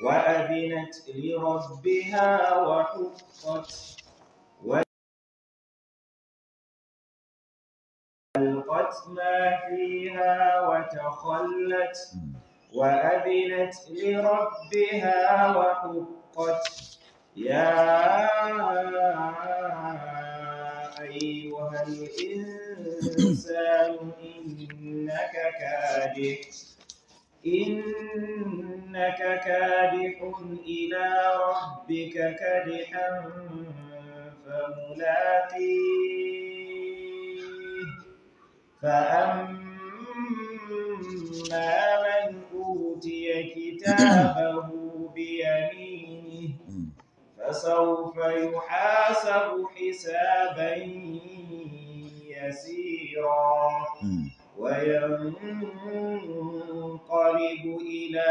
وأذنت لربها وحقت وألقت ما فيها وتخلت وأذنت لربها وحقت يا أيها الإنسان إنك كادح إنك كادح إلى ربك كدحا فملاقيه فأما من أوتي كتابه بيمينه فسوف يحاسب حسابا يسيرا وينقلب إلى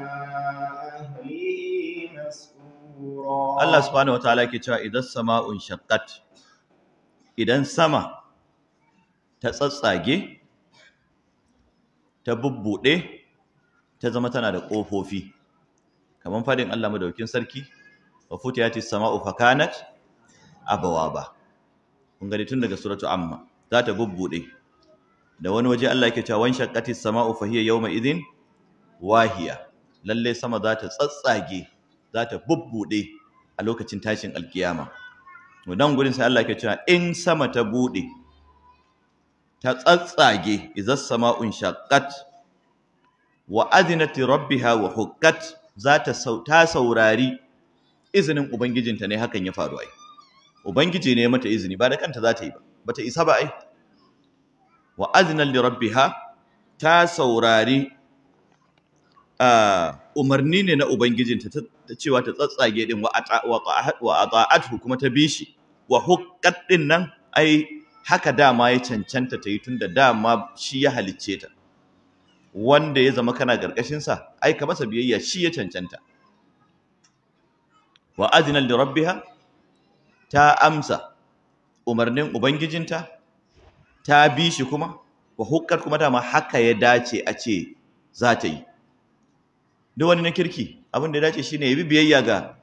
أهله مسرورا الله سبحانه وتعالى كتاب إذا السماء انشقت إذا السماء ta تببوɗe ta zama tana da ƙofofi kamar fadin Allah madaukin sarki wa futiyati sama'u fakanat abawaba kun gani tun daga suratu amma za ta bubbuɗe da wani waje Allah yake cewa shaqqati samau fa hiya yawma idhin wahiya lalle sama za ta tsatsage za ta bubbuɗe a lokacin tashin alkiyama dan gurin sai Allah yake cewa in sama ta bude ta tsatsage idzas samau shaqqat wa azinati rabbiha wa hukkat za ta ta saurari izinin ubangijinta ne hakan ya faru ai ubangiji ne mata izini ba da kanta za ta yi ba bata isa ba ai wa aznal li rabbiha ta saurari umarni ne na ubangijinta ta cewa ta tsatsage din wa ata'athu kuma ta bishi wa huqqat din nan ai haka dama ya cancanta ta yi tunda dama shi ya halicce ta wanda ya zama kana karkashin sa ai ka masa biyayya shi ya cancanta wa aznal li rabbiha ta amsa umarnin ubangijinta ta bi shi kuma wa hukkar kuma dama haka ya dace a ce za ta yi duk wani na kirki abin da ya dace shi ya bi biyayya ga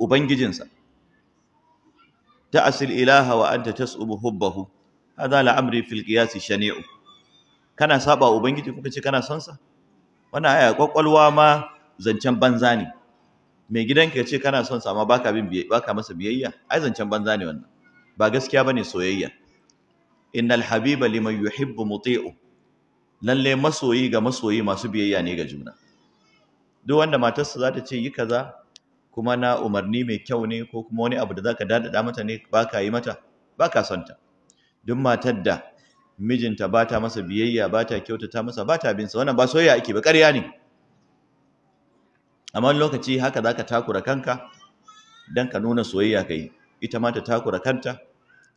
ubangijinsa Ta ta'asil ilaha wa anta tsubu hubbahu hadha la'amri fil qiyas shani'u kana saba ubangiji kuka ce kana sonsa? Wani aya kwakwalwa ma zancen banza ne mai gidanka ya ce kana sonsa ma amma baka masa biyayya ai zancen banza ne wannan ba gaskiya bane soyayya innal habiba liman yuhibbu muti'u lalle masoyi ga masoyi masu biyayya ne ga juna duk wanda matarsa za ta ce yi kaza kuma na umarni mai kyau ne ko kuma wani abu da za ka dadada mata ne baka yi mata baka son ta duk matar da mijinta ba ta masa biyayya ba kyauta, kyautata masa bata bin sa wannan ba soyayya ake ba ƙarya ne amma lokaci haka zaka takura kanka dan ka nuna soyayya kai ita ma ta takura kanta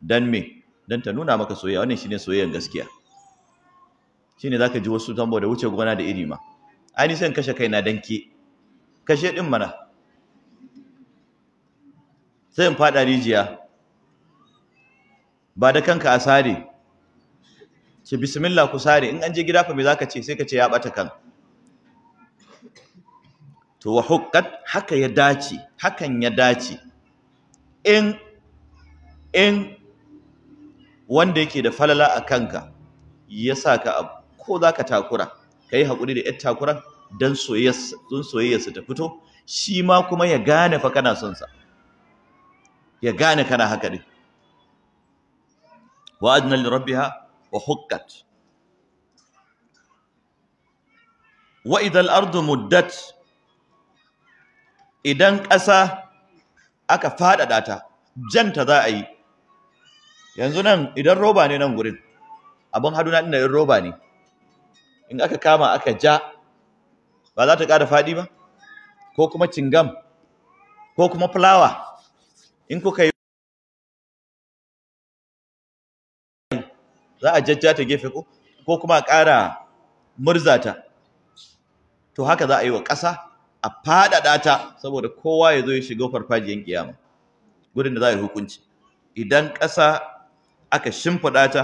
dan me dan ta nuna maka soyayya wannan shine soyayyan gaskiya shine zaka ji wasu tambo da wuce gona da iri ma ai san kashe kaina dan ke kashe din mana sai in fada rijiya ba da kanka a sare ce bismillah ku sare in an je gida fa me zaka ce sai ka ce ya bata kan to wa hukkat haka ya dace hakan ya dace in in wanda yake da falala a kanka ya sa ka abu ko za ka takura ka yi haƙuri da 'yar takura don soyayyarsa ta fito shi ma kuma ya gane fa kana son ya gane kana haka ne wa adna li wa hukkat wa idal ardu muddat idan ƙasa aka faɗaɗa ta janta za a yi yanzu nan idan roba ne nan gurin abin haduna na yin roba ne in aka kama aka ja ba za ta ƙara faɗi ba ko kuma cingam ko kuma fulawa in kuka yi za a jajja ta gefe ko kuma a ƙara murzata to haka za a yi wa ƙasa a faɗaɗa ta saboda kowa ya zo ya shiga farfajiyan kiyama gurin da za a yi hukunci idan ƙasa aka shimfiɗa ta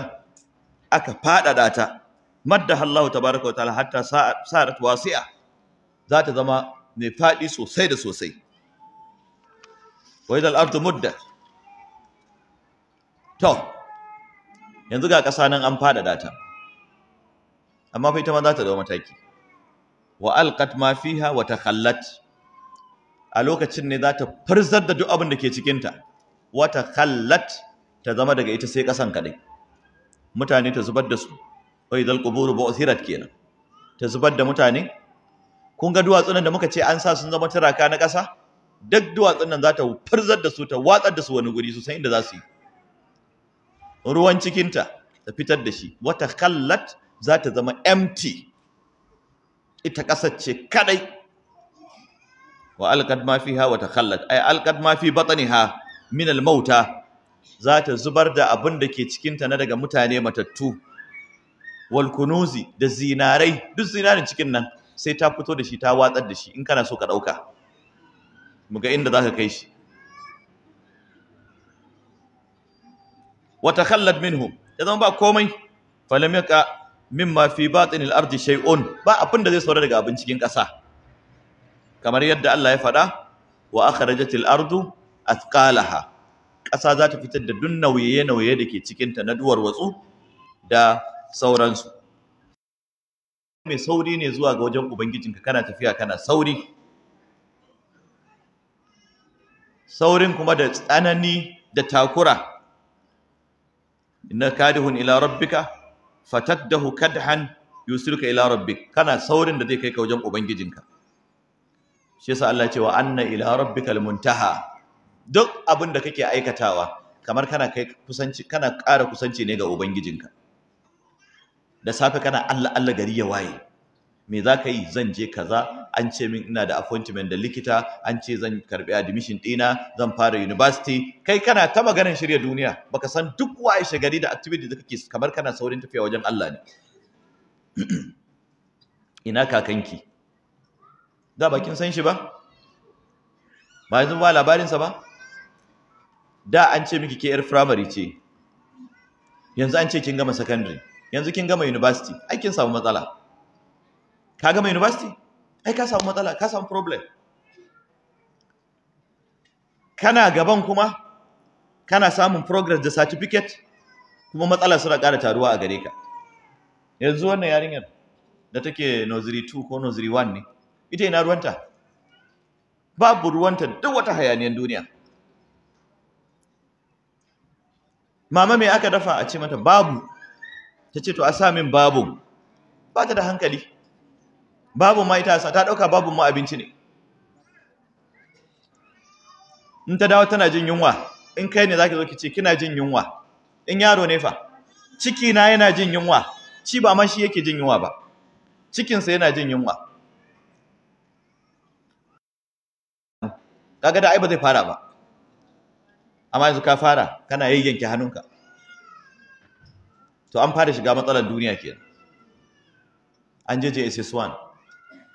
aka faɗaɗa ta madda Allahu tabaraka wa ta'ala hatta sa'at wasi'a za ta zama mai faɗi sosai da sosai wa idal ardu mudda to yanzu ga ƙasa nan an faɗaɗa ta amma fa ita ma za ta zama mataki wa alqat ma fiha wa takhallat a lokacin ne za ta farzar da duk abin da ke cikinta wa takhallat ta zama daga ita sai kasan kadai mutane ta zubar da su wa idal quburu bu'thirat kenan ta zubar da mutane kun ga duwatsun da muka ce an sa sun zama turaka na kasa duk duwatsun nan za ta farzar da su ta watsar da su wani guri su inda za su yi ruwan cikinta ta fitar da shi wata kallat za ta zama empty ita ƙasar ce kaɗai wa alƙad ma ha wata takhallat ai alƙad ma fi ha min al mauta za ta zubar da abin da ke cikin ta na daga mutane matattu wal kunuzi da zinarai duk zinarin cikin nan sai ta fito da shi ta watsar da shi in kana so ka dauka ga inda za ka kai shi wata takhallat minhu ya zama ba komai falamika Min mafi batinil ardi shay'un ba abin da zai saura daga abin cikin ƙasa kamar yadda Allah ya faɗa wa akhrajatil ardu athqalaha ƙasa za ta fitar da duk nauye-nauye da ke cikinta na duwar watsu da sauransu mai sauri ne zuwa ga wajen ubangijinka kana tafiya kana sauri saurin kuma da tsanani da takura inna kadihun ila rabbika fataddahu kadhan yusirka ila rabbik kana saurin da zai kai ka wajen ubangijinka shi yasa Allah cewa anna ila rabbikal muntaha duk abin da kake aikatawa kamar kana kai kusanci kusanci ne ga ubangijinka da safe kana Allah Allah gari ya waye me za ka yi zan je kaza an ce min ina da appointment da likita an ce zan karbi admission ɗina zan fara university kai kana ta maganar shirya duniya baka san duk waye gari da activity da kake kamar kana saurin tafiya wajen Allah ne ina kakanki da bakin san shi ba ba yanzu ba labarinsa ba da an ce miki ke yar primary ce yanzu an ce kin gama secondary yanzu kin gama university ai kin samu matsala ka gama university ai ka samu matsala ka samu problem kana gaban kuma kana samun progress da certificate kuma matsala suna ƙara taruwa a gare ka yanzu wannan yarinyar da take nursery 2 ko nursery 1 ne ita ina ruwanta babu ruwanta duk wata hayaniyar duniya mama me aka dafa a ce mata babu ta ce to a sa babu ba ta da hankali babu ma ita sa, ta dauka babu ma abinci ne in ta dawo tana jin yunwa in kai ne zaki zo ki ce kina jin yunwa in yaro ne fa ciki na yana jin yunwa ci ba ma shi yake jin yunwa ba cikin sa yana jin yunwa kaga da ai ba zai fara ba amma yanzu ka fara kana yanke hannunka to an fara shiga matsalar duniya kenan an je JSS1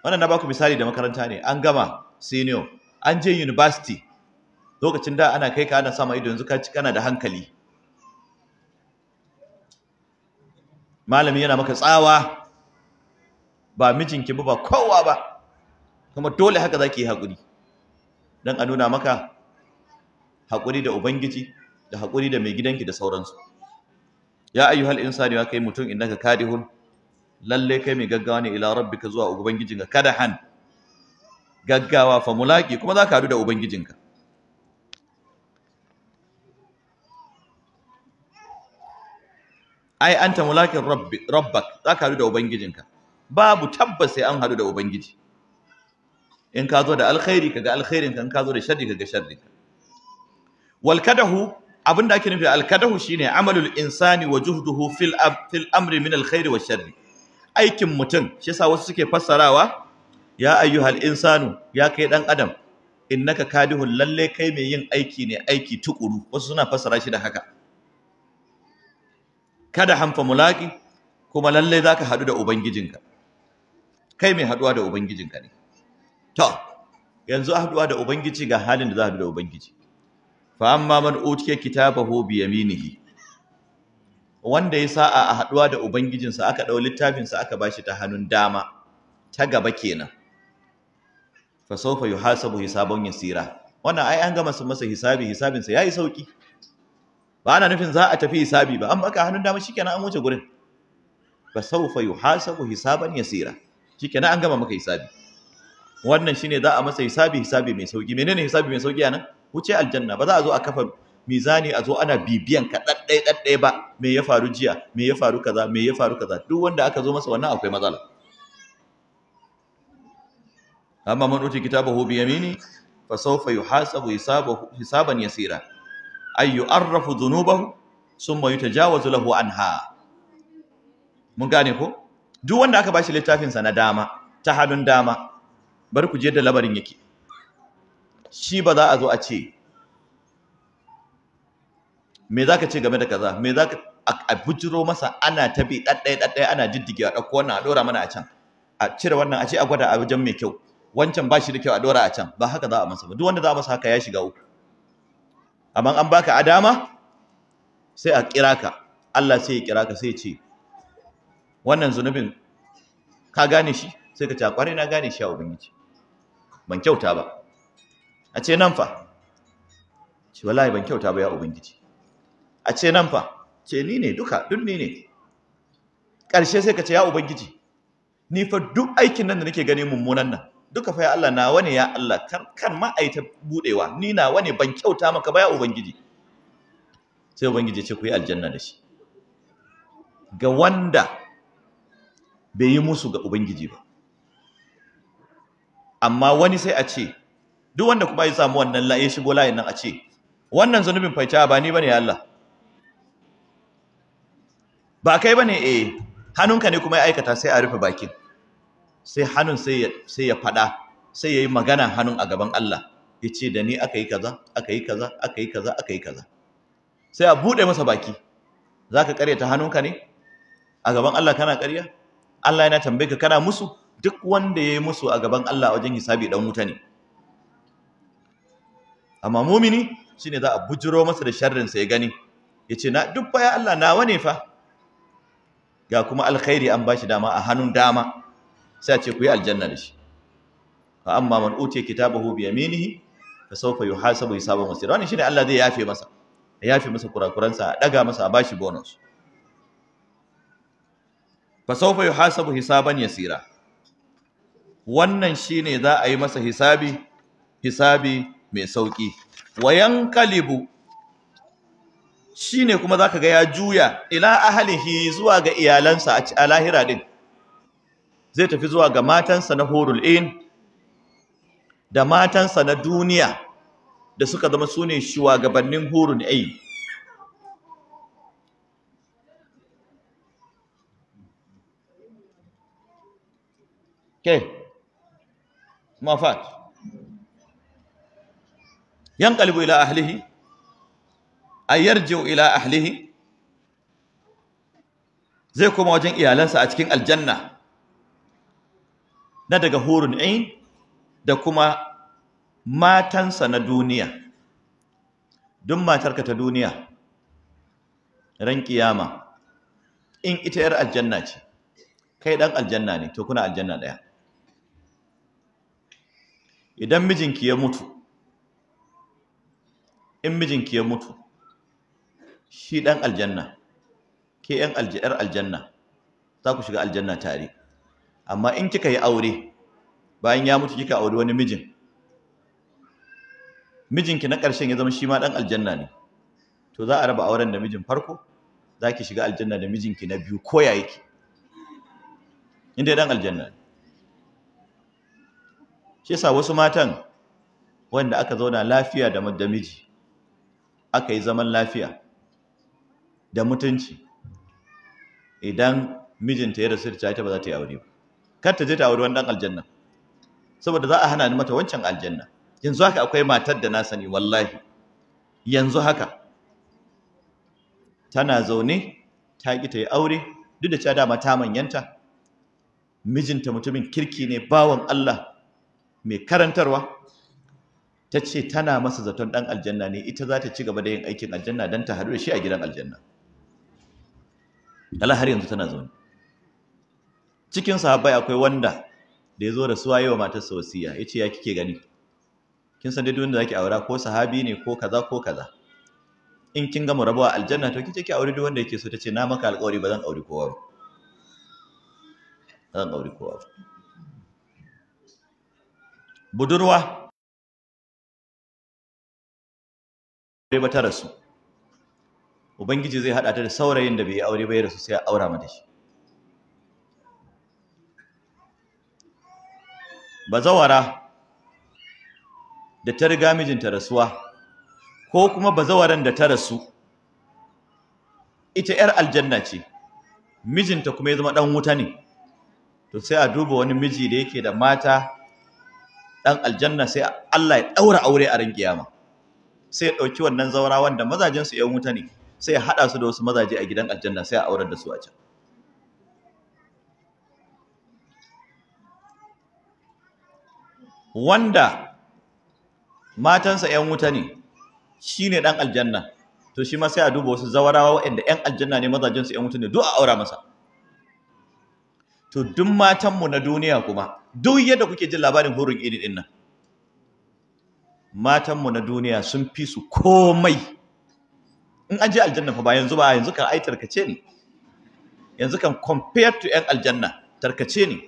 wannan na baku misali da makaranta ne an gama senior an je university lokacin da ana kai ka ana sama ido yanzu ka kana da hankali malami yana maka tsawa ba mijinki ba ba kowa ba kuma dole haka zaki yi hakuri dan a nuna maka hakuri da ubangiji da hakuri da mai gidanki da sauransu ya ayyuhal insani wa kai mutum innaka kadihun lalle kai mai gaggawa ne ila rabbika zuwa ubangijinka kada han gaggawa fa mulaki kuma za ka haɗu da ubangijinka ai anta mulakin rabbak za ka haɗu da ubangijinka babu tabbas sai an haɗu da ubangiji in ka zo da alkhairi kaga alkhairin ka in ka zo da sharri kaga sharrin ka wal kadahu abinda ake nufi al kadahu shine amalul insani wa juhduhu fil amri min al wa sharri aikin mutum shi yasa wasu suke fassarawa ya ayyuhal insanu ya kai dan adam innaka kadihul lalle kai mai yin aiki ne aiki tukuru wasu suna fassara shi da haka kada hanfa mulaki kuma lalle zaka hadu da ubangijinka kai mai haduwa da ubangijinka ne to yanzu haduwa da ubangiji ga halin da za hadu da ubangiji fa amma man utike kitabahu bi yaminihi wanda ya sa'a a haɗuwa da ubangijinsa aka ɗau littafinsa aka bashi ta hannun dama ta gaba kenan fa sawfa yuhasabu hisaban yasira wannan ai an gama masa hisabi hisabinsa yayi sauki ba ana nufin za a tafi hisabi ba an baka hannun dama shikenan an wuce gurin fa sawfa yuhasabu hisaban yasira shikenan an gama maka hisabi wannan shine za a masa hisabi hisabi mai sauki menene hisabi mai sauki anan wuce aljanna ba za a zo a kafa mizani a zo ana bibiyan ka ɗaɗɗai ɗaɗɗai ba me ya faru jiya me ya faru kaza me ya faru kaza duk wanda aka zo masa wannan akwai matsala amma man uti kitabahu bi yamini fa sawfa yuhasabu hisabahu hisaban yasira ay yu'arrafu dhunubahu summa yutajawazu lahu anha mun gane ko duk wanda aka bashi littafin sa na dama ta hannun dama bari ku je da labarin yake shi ba za a zo a ce me za ka ce game da kaza me za ka? a bujiro masa ana ta bi ɗaɗɗaya ɗaɗɗaya ana diddige a ɗauko wannan a ɗora mana a can a cire wannan a ce a gwada a wajen mai kyau wancan ba shi da kyau a ɗora a can ba haka za a masa ba duk wanda za a masa haka ya shiga uku amma an baka a dama sai a kira ka Allah sai ya kira ka sai ya ce wannan zunubin ka gane shi sai ka ce a kwarai na gane shi a ubangiji ban kyauta ba a ce nan fa Shi wallahi ban kyauta ba ya ubangiji a ce nan fa ce ni ne duka duk ni ne ƙarshe sai ka ce ya ubangiji ni fa duk aikin nan da nake gani mummunan nan duka fa ya Allah nawa ne ya Allah kan ma aita budewa ni na ne ban kyauta maka ba ya ubangiji sai ubangiji ce ku yi aljanna da shi ga wanda bai yi musu ga ubangiji ba amma wani sai a ce duk wanda kuma ya samu wannan la'ayi ya shigo layin nan a ce wannan zanubin fa ba ni bane ya Allah ba kai bane eh hannunka ne kuma ya aikata sai a rufe bakin sai hannun sai ya faɗa sai ya yi magana hannun a gaban Allah ya ce da ni aka yi kaza aka yi kaza aka yi kaza aka yi kaza sai a buɗe masa baki za ka ta hannunka ne a gaban Allah kana ƙarya Allah yana tambaye ka kana musu duk wanda ya yi musu a gaban Allah wajen hisabi dan wuta ne amma mumini shine za a bujiro masa da sharrinsa ya gani yace na duk baya Allah nawa ne fa ga kuma alkhairi an bashi dama a hannun dama sai a ce ku yi aljanna da shi fa amma man utiya kitabahu bi yaminihi fa sawfa yuhasabu hisaban wasira wannan shine Allah zai yafe masa ya yafe masa kurakuransa a daga masa a bashi bonus fa sawfa yuhasabu hisaban yasira wannan shine za a yi masa hisabi hisabi mai sauki wayan kalibu Shi ne kuma za ka ga ya juya ila ahalihi zuwa ga iyalansa a lahira ɗin, zai tafi zuwa ga matansa na horul in da matansa na duniya da suka zama sune shugabannin horul in ke mafat kalibu ila ahalihi? a yarji'u ila ahlihi zai koma wajen iyalansa a cikin aljanna na daga hurun ain da kuma matansa na duniya duk matarka ta duniya ran kiyama in ita yar aljanna ce kai dan aljanna ne to kuna aljanna daya idan mijinki ya mutu in mijinki ya mutu shi ɗan aljanna ke ‘yan aljanna za ku shiga aljanna tare amma in kika yi aure bayan ya mutu kika aure wani mijin mijinki na ƙarshen ya zama shi ma ɗan aljanna ne to za a raba auren da mijin farko za ki shiga aljanna da mijinki na biyu ko ya yake inda ɗan aljanna ne shi yasa wasu matan wanda aka zauna lafiya da miji aka yi zaman lafiya da mutunci idan mijinta ya rasu da ita ba za ta yi aure ba kar ta je ta aure wannan aljanna saboda za a hana ni mata wancan aljanna yanzu haka akwai matar da na sani wallahi yanzu haka tana zaune ta ki ta yi aure duk da cewa dama ta manyanta mijinta mutumin kirki ne bawan Allah mai karantarwa ta ce tana masa zaton ɗan aljanna ne ita za ta ci gaba da yin aikin aljanna don ta haɗu da shi a gidan aljanna dala har yanzu tana zaune cikin sahabbai akwai wanda da ya zo da suwa yau matar wasiya ya ce ya kike gani kin san duk wanda zaki aura ko sahabi ne ko kaza ko kaza in kin gama rabuwa aljanna to kike ki aure duk wanda yake so tace na maka alƙawari ba zan aure kowa ba zan aure kowa ba budurwa ba ta rasu ubangiji zai haɗa ta da saurayin da bai yi aure ba ya rasu sai ya aura mata shi bazawara da ta riga mijinta rasuwa ko kuma bazawaran da ta rasu ita 'yar aljanna ce mijinta kuma ya zama ɗan wuta ne to sai a duba wani miji da yake da mata ɗan aljanna sai Allah ya ɗaura aure a ran kiyama sai ya ɗauki wannan zaura wanda mazajensu ‘yan wuta ne sai ya haɗa su da wasu mazaje a gidan aljanna sai a aurar da su a can wanda matansa 'yan wuta ne shi ne ɗan aljanna to shi ma sai a duba wasu zawarawa waɗanda 'yan aljanna ne mazajensu 'yan wuta ne duk a aura masa to duk matanmu na duniya kuma duk yadda kuke jin labarin horin irin ɗin nan matanmu na duniya sun fi su komai in an je aljanna fa ba yanzu ba yanzu kan ai tarkace ne yanzu kan compared to 'yan aljanna tarkace ne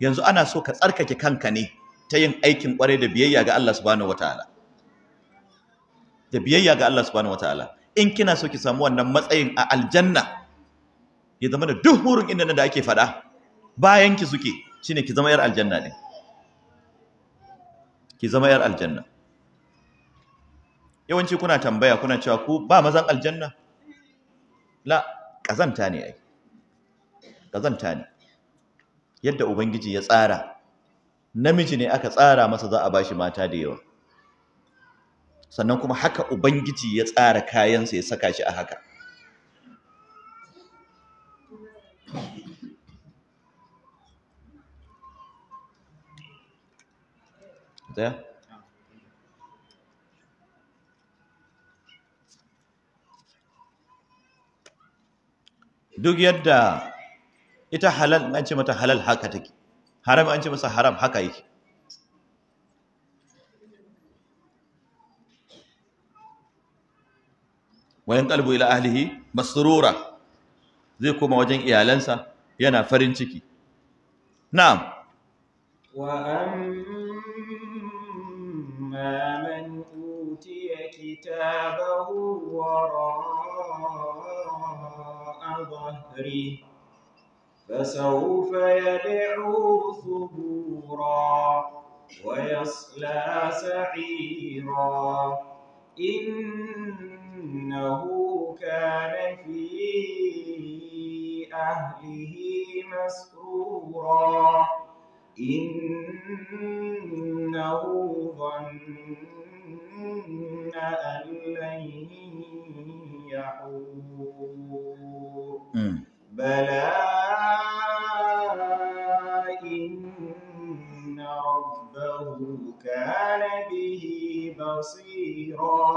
yanzu ana so ka tsarkake kanka ne ta yin aikin kwarai da biyayya ga Allah subhanahu wataala da biyayya ga Allah subhanahu wataala in kina so ki samu wannan matsayin a aljanna ya zama da duk hurin inda da ake faɗa bayan ki suke shine ki zama yar aljanna ne ki zama yar aljanna yawanci kuna tambaya kuna cewa ku ba mazan aljanna la kazanta ne ai kazanta ne yadda ubangiji ya tsara namiji ne aka tsara masa za a bashi mata da yawa sannan kuma haka ubangiji ya tsara kayansa ya saka shi a haka Yeah. duk yadda ita halal an ce mata halal haka take haram an ce masa haram haka yake wayan kalbu ila ahlihi masrura zai koma wajen iyalansa yana farin ciki na'am wa amma man utiya kitabahu wa ظهري فسوف يدعو ثبورا ويصلى سعيرا إنه كان في أهله مسرورا إنه ظن أن لن يحور بلى إن ربه كان به بصيرا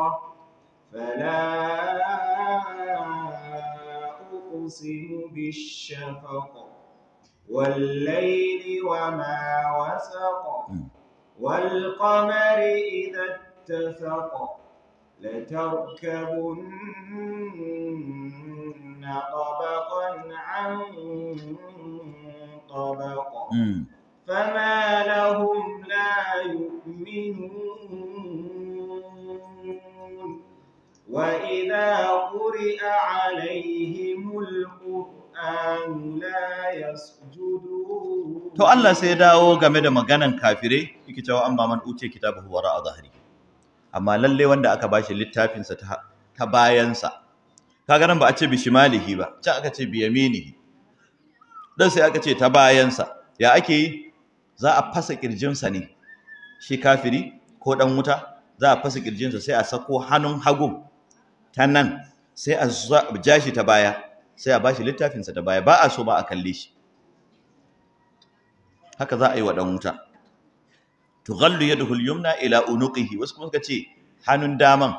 فلا أقسم بالشفق والليل وما وسق والقمر إذا اتسق لتركبن طبقا عن طبق فما لهم لا يؤمنون وإذا قرئ عليهم القرآن لا يسجدون to Allah sai ya dawo game da maganan kafirai yake cewa an ba man uce kitabahu wara a zahiri amma lalle wanda aka bashi littafinsa ta, bayansa kaga nan ba a ce bi shimalihi ba can aka ce bi yaminihi dan sai aka ce ta bayansa ya ake yi za a fasa kirjinsa ne shi kafiri ko ɗan wuta za a fasa kirjinsa sai a sako hannun hagun ta nan sai a ja shi ta baya sai a bashi littafinsa ta baya ba a so ba a kalle shi haka za a yi wa ɗan wuta tughallu yadul yumna ila unuqihi wasu kuma suka ce hannun daman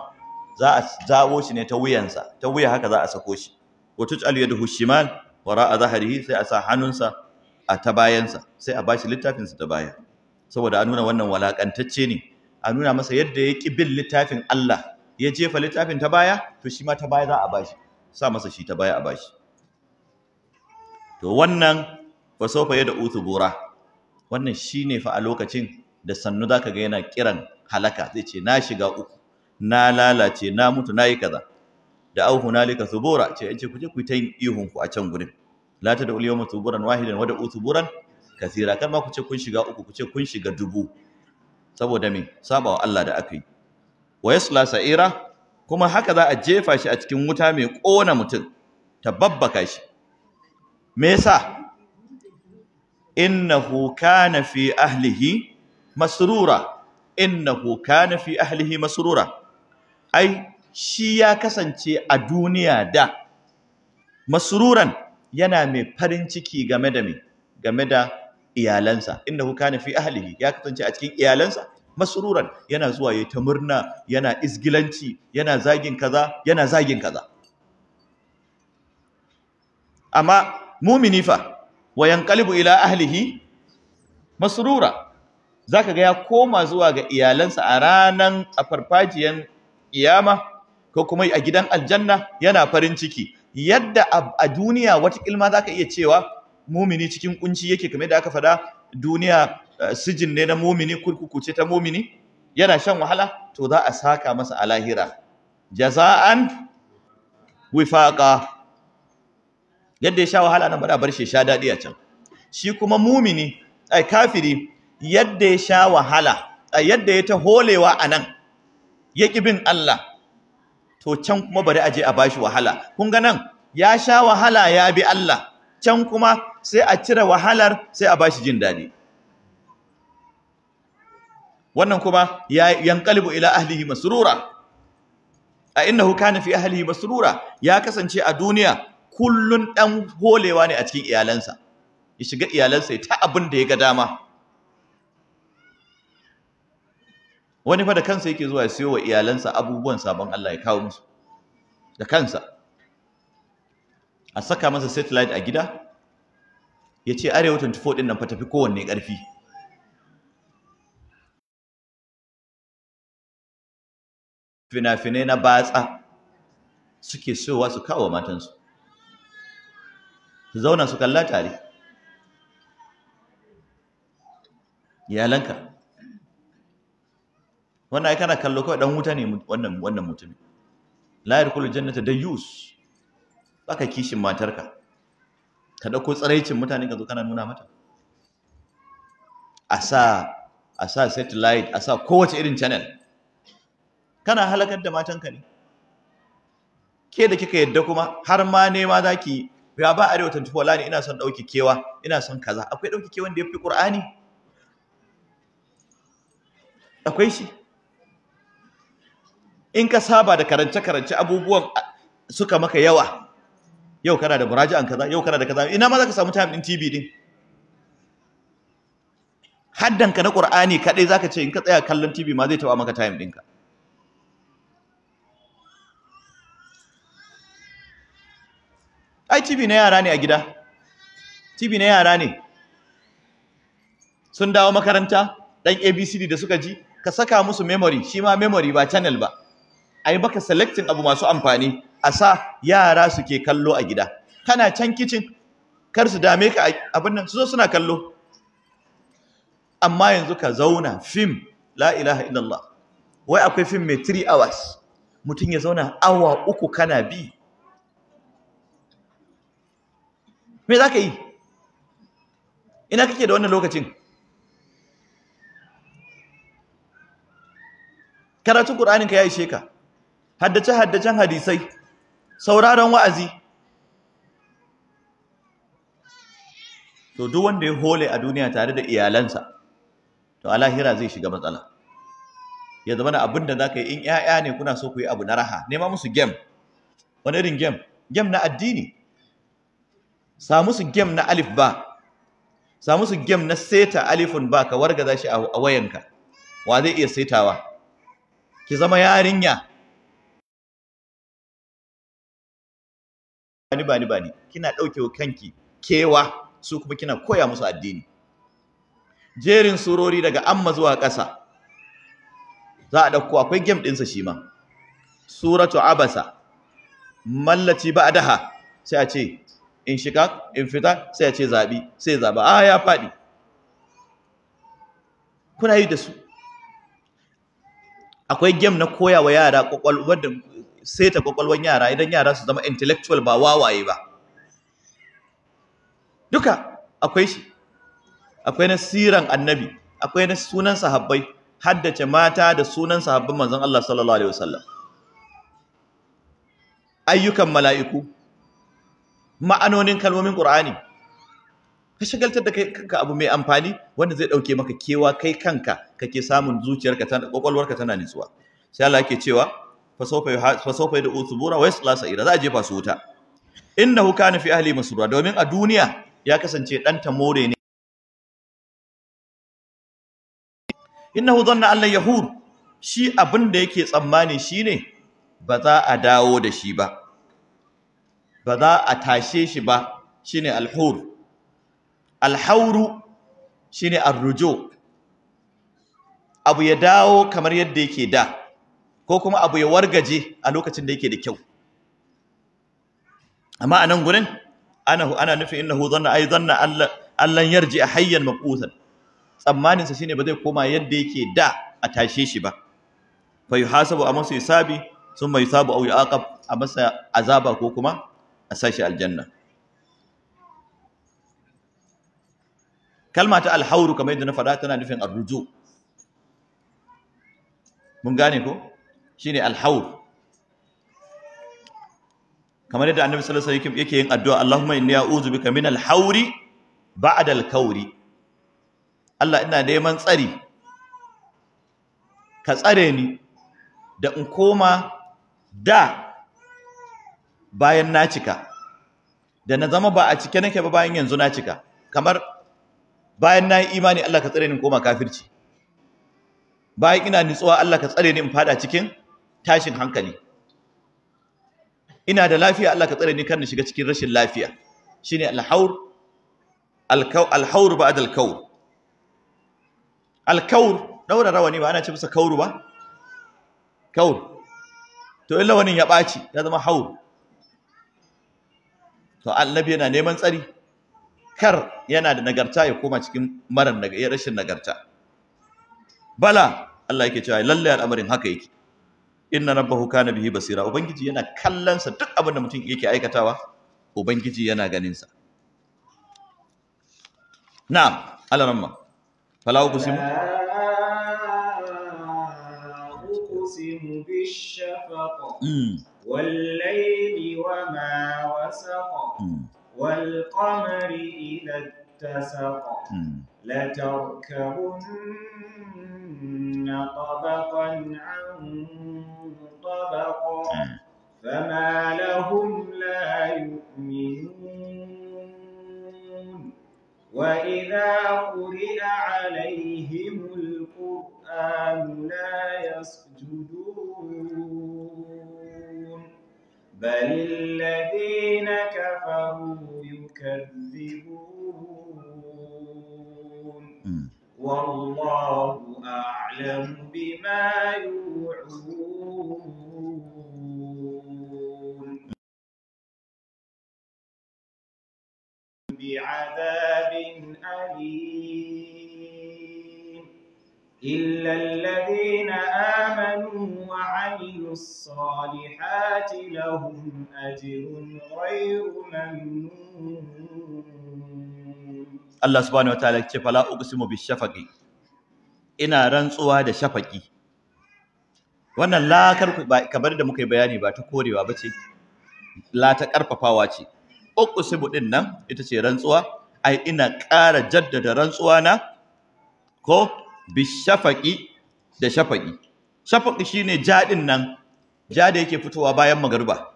za a zawo shi ne ta wuyansa ta wuya haka za a sako shi wa tuj'al yaduhu shimal wara'a zahrihi sai a sa hannunsa a ta bayansa sai a bashi littafin sa ta baya saboda a nuna wannan walakantacce ne a nuna masa yadda ya ki bin littafin Allah ya jefa littafin ta baya to shi ma ta baya za a bashi sa masa shi ta baya a bashi to wannan fa sofa yad'u thubura wannan shine fa a lokacin da sannu za ka ga yana kiran halaka zai ce na shiga uku na lalace na mutu na yi kaza da au hunalika subura ce yace ku je ku ta yin ihun ku a can gurin la ta da uliyawma suburan wahidan wa da usuburan kasira kan ma ku ce kun shiga uku ku ce kun shiga dubu saboda me wa Allah da akai yi wa yasla sa'ira kuma haka za a jefa shi a cikin wuta mai kona mutum ta babbaka shi me yasa innahu kana fi ahlihi masrura innahu kana fi ahlihi masrura ai shi ya kasance a duniya da masruran yana mai farin ciki game da me game da iyalansa innahu kana fi ahlihi ya kasance a cikin iyalansa masruran yana zuwa yayi ta murna yana isgilanci yana zagin kaza yana zagin kaza amma mumini fa wa yanqalibu ila ahlihi masrura zaka ga ya koma zuwa ga iyalansa a ranan a farfajiyan kiyama ko kuma a gidan aljanna yana farin ciki yadda a duniya wata kilma zaka iya cewa mumini cikin kunci yake kamar da aka fada duniya eh, sijin ne na mumini kurkuku ce ta mumini yana shan wahala to za a saka masa a lahira jaza'an wifaqa yadda ya sha wahala nan ba da bar shi sha dadi a can shi kuma mumini ai kafiri yadda ya sha wahala a yadda ya ta holewa a nan ya ƙi bin Allah to can kuma bari a je a bashi wahala kun ga nan ya sha wahala ya bi Allah can kuma sai a cire wahalar sai a bashi jin daɗi wannan kuma ya yanqalibu ila ahlihi masrura a innahu kana fi ahlihi masrura ya kasance a duniya kullun dan holewa ne a cikin iyalansa ya shiga iyalansa ta abin da ya ga dama wani fa da kansa yake zuwa ya wa iyalansa abubuwan sabon Allah ya kawo musu da kansa a saka masa satellite a gida ya ce arewa 24 din nan fa tafi kowanne ƙarfi fina-finai na batsa suke sowa su kawo matansu su zauna su kalla tare iyalanka wannan ai kana kallo kawai dan wuta ne wannan wannan mutumin la yadkhulu jannata dayyus baka kishin matarka ka dauko tsaraicin mutane ka zo kana nuna mata a asa satellite a kowace irin channel kana halakar da matanka ne ke da kika yadda kuma har ma ne ma zaki ya ba arewa 24 wallahi ina son dauki kewa ina son kaza akwai dauki kewan da yafi qur'ani akwai shi in ka saba da karance-karance abubuwan suka maka yawa yau kana da muraji'an kaza yau kana da kaza ina ma za ka samu time din TV din haddanka na Qur'ani za zaka ce in ka tsaya kallon TV ma zai taba maka time ɗinka ai TV na yara ne a gida TV na yara ne sun dawo makaranta dan ABCD da suka ji ka saka musu memory shi ma memory ba channel ba a yi baka selecting abu masu amfani a sa yara suke kallo a gida kana can kicin kar su dame ka abin nan su zo suna kallo amma yanzu ka zauna fim la ilaha illallah wai akwai fim mai 3 hours mutum ya zauna awa uku kana bi me za ka yi ina kake da wannan lokacin karatun ƙur'aninka ya ishe ka haddace haddacen hadisai sauraron wa'azi to duk wanda ya hole a duniya tare da iyalansa to Alahira zai shiga matsala ya zama na abin da za ka yi in 'ya'ya ne kuna so ku yi abu na raha nema musu gem. wani irin gem. Gem na addini Samu su gem na alif ba Samu su gem na seta alifun ba ka za shi a wayanka wa zai iya setawa ki zama yarinya bani bani bani kina ɗauke wa kanki kewa su kuma kina koya musu addini jerin surori daga amma zuwa ƙasa za a ɗauko akwai game ɗinsa shi ma suratu abasa mallaci ba daha sai a ce in shiga in fita sai a ce zaɓi sai zaɓa a ah, ya faɗi kuna yi da su akwai game na koya wa yara ƙwaƙwalwar da saita kwakwalwan yara idan yara su zama intellectual ba wawaye ba duka akwai shi akwai na siran annabi akwai na sunan sahabbai haddace mata da sunan sahabban manzon Allah sallallahu alaihi wasallam ayyukan mala'iku ma'anonin kalmomin qur'ani ka shagaltar da kai kanka abu mai amfani wanda zai dauke maka kewa kai kanka kake samun zuciyarka ta kwakwalwarka tana nitsuwa sai Allah yake cewa fasofa da uthbura wa yasla sa'ira za a jefa su wuta innahu kana fi ahli masrura domin a duniya ya kasance dan more ne innahu dhanna an yahur shi abin da yake tsammani shine ba za a dawo da shi ba ba za a tashe shi ba shine alhur alhauru shine arrujo abu ya dawo kamar yadda yake da ko kuma abu ya wargaje a lokacin da yake da kyau amma a nan gurin ana ana nufin innahu dhanna ay dhanna allan yarji hayyan maqutan tsammanin sa shine ba zai koma yadda yake da a tashe shi ba fa yuhasabu amsa yusabi thumma yusabu aw yuaqab a masa azaba ko kuma a sashi aljanna kalma ta alhauru kamar yadda na faɗa tana nufin arruju mun gane ko shine alhaul kamar yadda annabi sallallahu alaihi wasallam yake yin addu'a Allahumma inni a'udhu bika min al-hauri ba'da al-kauri Allah ina neman tsari ka tsare ni da in koma da bayan na cika da na zama ba a cike nake ba bayan yanzu na cika kamar bayan na yi imani Allah ka tsare ni in koma kafirci bayan ina nitsuwa Allah ka tsare ni in fada cikin tashin hankali ina da lafiya Allah ka tsare ni kar na shiga cikin rashin lafiya shine al-haur al-haur ba'd al-kaur al-kaur daura rawani ba ana ce masa kauru ba kaur to illa wani ya ɓaci ya zama haur to annabi yana neman tsari kar yana da nagarta ya koma cikin marar rashin nagarta bala Allah yake cewa lalle al'amarin haka yake inna rabbahu kana bihi basira ubangiji yana kallon sa duk abin da mutum yake aikatawa ubangiji yana ganin sa na'am alaramma fala uqsimu أقسم بالشفق والليل وما وسق والقمر إذا اتسق لتركبن طبقا عن طبق فما لهم لا يؤمنون وإذا قرئ عليهم القرآن لا يسجدون بل الذين كفروا يكذبون والله أعلم بما يوعون بعذاب أليم إلا الذين آمنوا وعملوا الصالحات لهم أجر غير ممنون Allah subhanahu ta'ala ce fala uqsimu shafaqi ina rantsuwa da shafaqi wannan la kamar da muka yi bayani ba ta korewa bace la ta karfafawa ce uqsimu din nan ita ce rantsuwa ai ina ƙara jaddada rantsuwa na ko bi shafaqi da shafaqi shafaqi shine jadin nan jada yake fitowa bayan magariba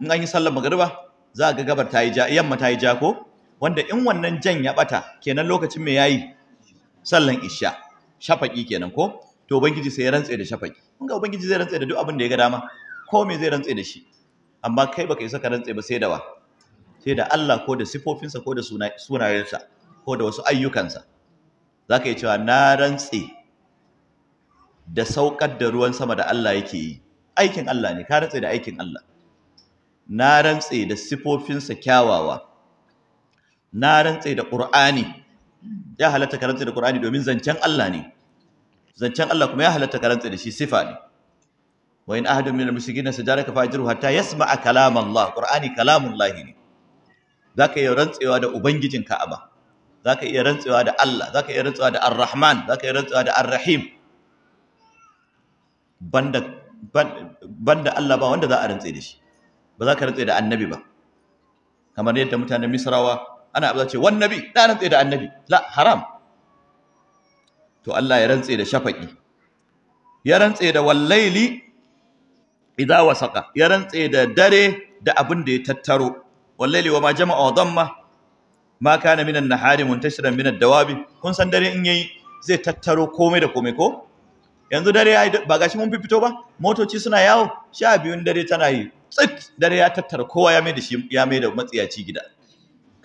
in an yi sallar magariba za a ga gabar ta yi ja yamma ta yi ja ko wanda in wannan jan ya bata kenan lokacin me yayi sallan isha shafaki kenan ko to ubangiji sai ya rantse da shafaki kun ga ubangiji zai rantse da duk abin da ya ga dama ko me zai rantse da shi amma kai baka isa ka rantse ba sai da wa sai da Allah ko da sifofinsa ko da sunayensa ko da wasu ayyukansa zaka yi cewa na rantse da saukar da ruwan sama da Allah yake yi aikin Allah ne ka rantse da aikin Allah na rantse da sifofinsa kyawawa na rantse da Qur'ani ya halatta ka da Qur'ani domin zancen Allah ne zancen Allah kuma ya halatta ka da shi sifa ne wa in ahadun minal sajara ka fajiru hatta yasma'a kalam Allah Qur'ani kalamullah ne zaka iya rantsewa da ubangijin Ka'aba zaka iya rantsewa da Allah zaka iya rantsewa da Ar-Rahman zaka iya rantsewa da Ar-Rahim banda banda Allah ba wanda za a rantse da shi ba za ka rantse da annabi ba kamar yadda mutanen Misrawa ana abu ce wani nabi na rantse da annabi la haram to Allah ya rantse da shafaƙi ya rantse da wallaili idza wasaqa ya rantse da dare da abin da ya tattaro wallaili wa ma jama'a wa dhamma ma kana minan nahari muntashiran minad dawabi kun san dare in yayi zai tattaro komai da komai ko yanzu dare ya ba gashi mun fito ba motoci suna yawo sha biyun dare tana yi tsit dare ya tattara kowa ya mai da shi ya mai da matsiyaci gida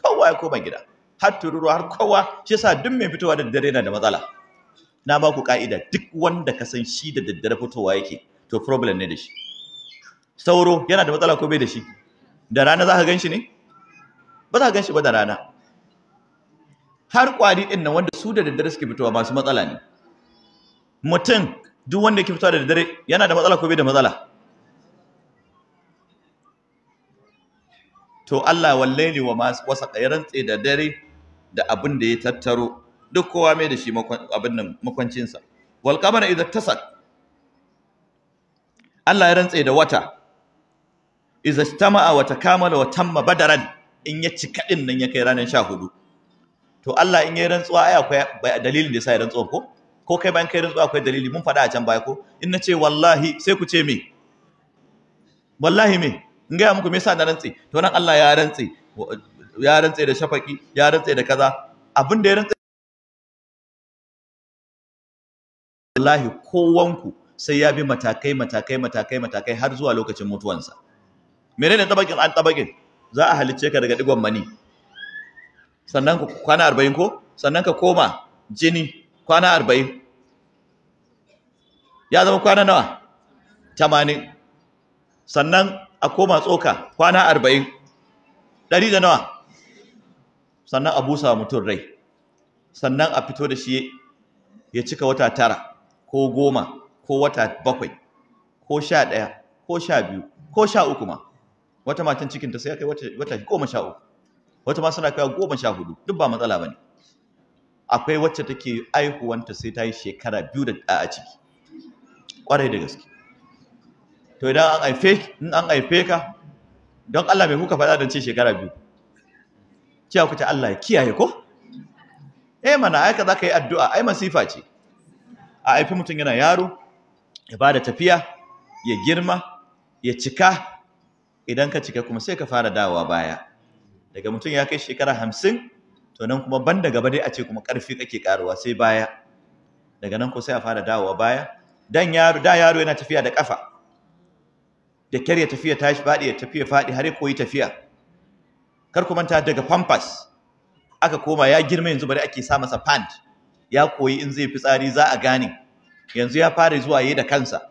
kowa ya koma gida har tururu har kowa shi yasa duk mai fitowa da daddare yana da matsala na ba ku ka'ida duk wanda ka san shi da daddare fitowa yake to problem ne da shi sauro yana da matsala ko bai da shi da rana za ka gan shi ne ba za ka gan shi ba da rana har kwari din nan wanda su da daddare suke fitowa masu matsala ne mutum duk wanda ke fitowa da daddare yana da matsala ko bai da matsala to Allah wallaini wa ma wasa ɗayaran tsaye da dare da abin da ya tattaro duk kowa mai da shi abin nan makwancinsa wal qamara idza tasal Allah ya rantse da wata idza tama'a wa takamala wa tamma badaran in ya cika din nan ya kai ranar 14 to Allah in yayi rantsuwa ai akwai dalilin da yasa ya rantsuwa ko ko kai bayan kai rantsuwa akwai dalili mun fada a can baya ko in nace wallahi sai ku ce me wallahi me in gaya muku me yasa na rantse to nan Allah ya rantse ya rantse da shafaki ya rantse da kaza abin da ya rantse wallahi kowanku sai ya bi matakai matakai matakai matakai har zuwa lokacin mutuwansa menene tabakin an tabakin za a halicce ka daga digon mani sannan ku kwana 40 ko sannan ka koma jini kwana 40 ya zama kwana nawa 80 sannan a koma tsoka kwana arba'in ɗari da nawa sannan a busa mutum rai sannan a fito da shi ya cika wata tara ko goma ko wata bakwai ko sha ɗaya ko sha biyu ko sha uku ma wata matan cikinta sai ya kai wata goma sha uku wata ma suna kaiwa goma sha hudu duk ba matsala ba ne akwai wacce take aihuwanta sai ta yi shekara biyu da a ciki ƙwarai da gaske to idan an haife in an haife ka don Allah mai kuka faɗa don ce shekara biyu ku ta Allah ya kiyaye ko eh mana aika za ka yi addu'a ai masifa ce a haifi mutum yana yaro ya bada tafiya ya girma ya cika idan ka cika kuma sai ka fara dawowa baya daga mutum ya kai shekara hamsin to nan kuma ban da gaba dai a ce kuma karfi kake karuwa sai baya daga nan ko sai a fara dawowa baya dan yaro da yaro yana tafiya da kafa da kyar ya tafiya tashi faɗi ya tafiya faɗi har ya koyi tafiya kar ku manta daga pampas aka koma ya girma yanzu bari ake sa masa pant ya koyi in zai fi tsari za a gane yanzu ya fara zuwa yayi da kansa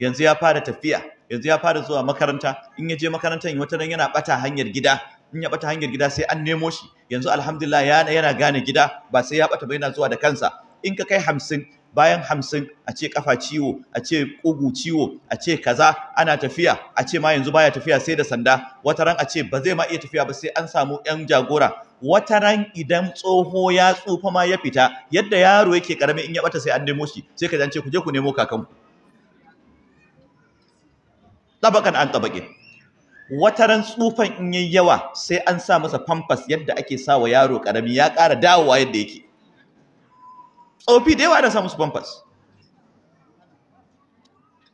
yanzu ya fara tafiya yanzu ya fara zuwa makaranta in ya je makarantar yi wata nan yana bata hanyar gida in ya bata hanyar gida sai an nemo shi yanzu alhamdulillah yana gane gida ba sai ya bata ba yana zuwa da kansa in ka kai hamsin bayan hamsin a ce kafa ciwo a ce kugu ciwo a ce kaza ana tafiya a ce ma yanzu baya tafiya sai da sanda wata ran a ce ba zai ma iya tafiya ba sai an samu yan jagora wata ran idan tsoho ya tsufa ma ya fita yadda yaro yake karami in ya bata sai an nemo shi sai ka ce ku je ku nemo kakanku tabakan an tabake wata ran tsufan in yayi yawa sai an sa masa pampas yadda ake sa wa yaro karami ya ƙara dawowa yadda yake tsofi da yawa da samu su pampers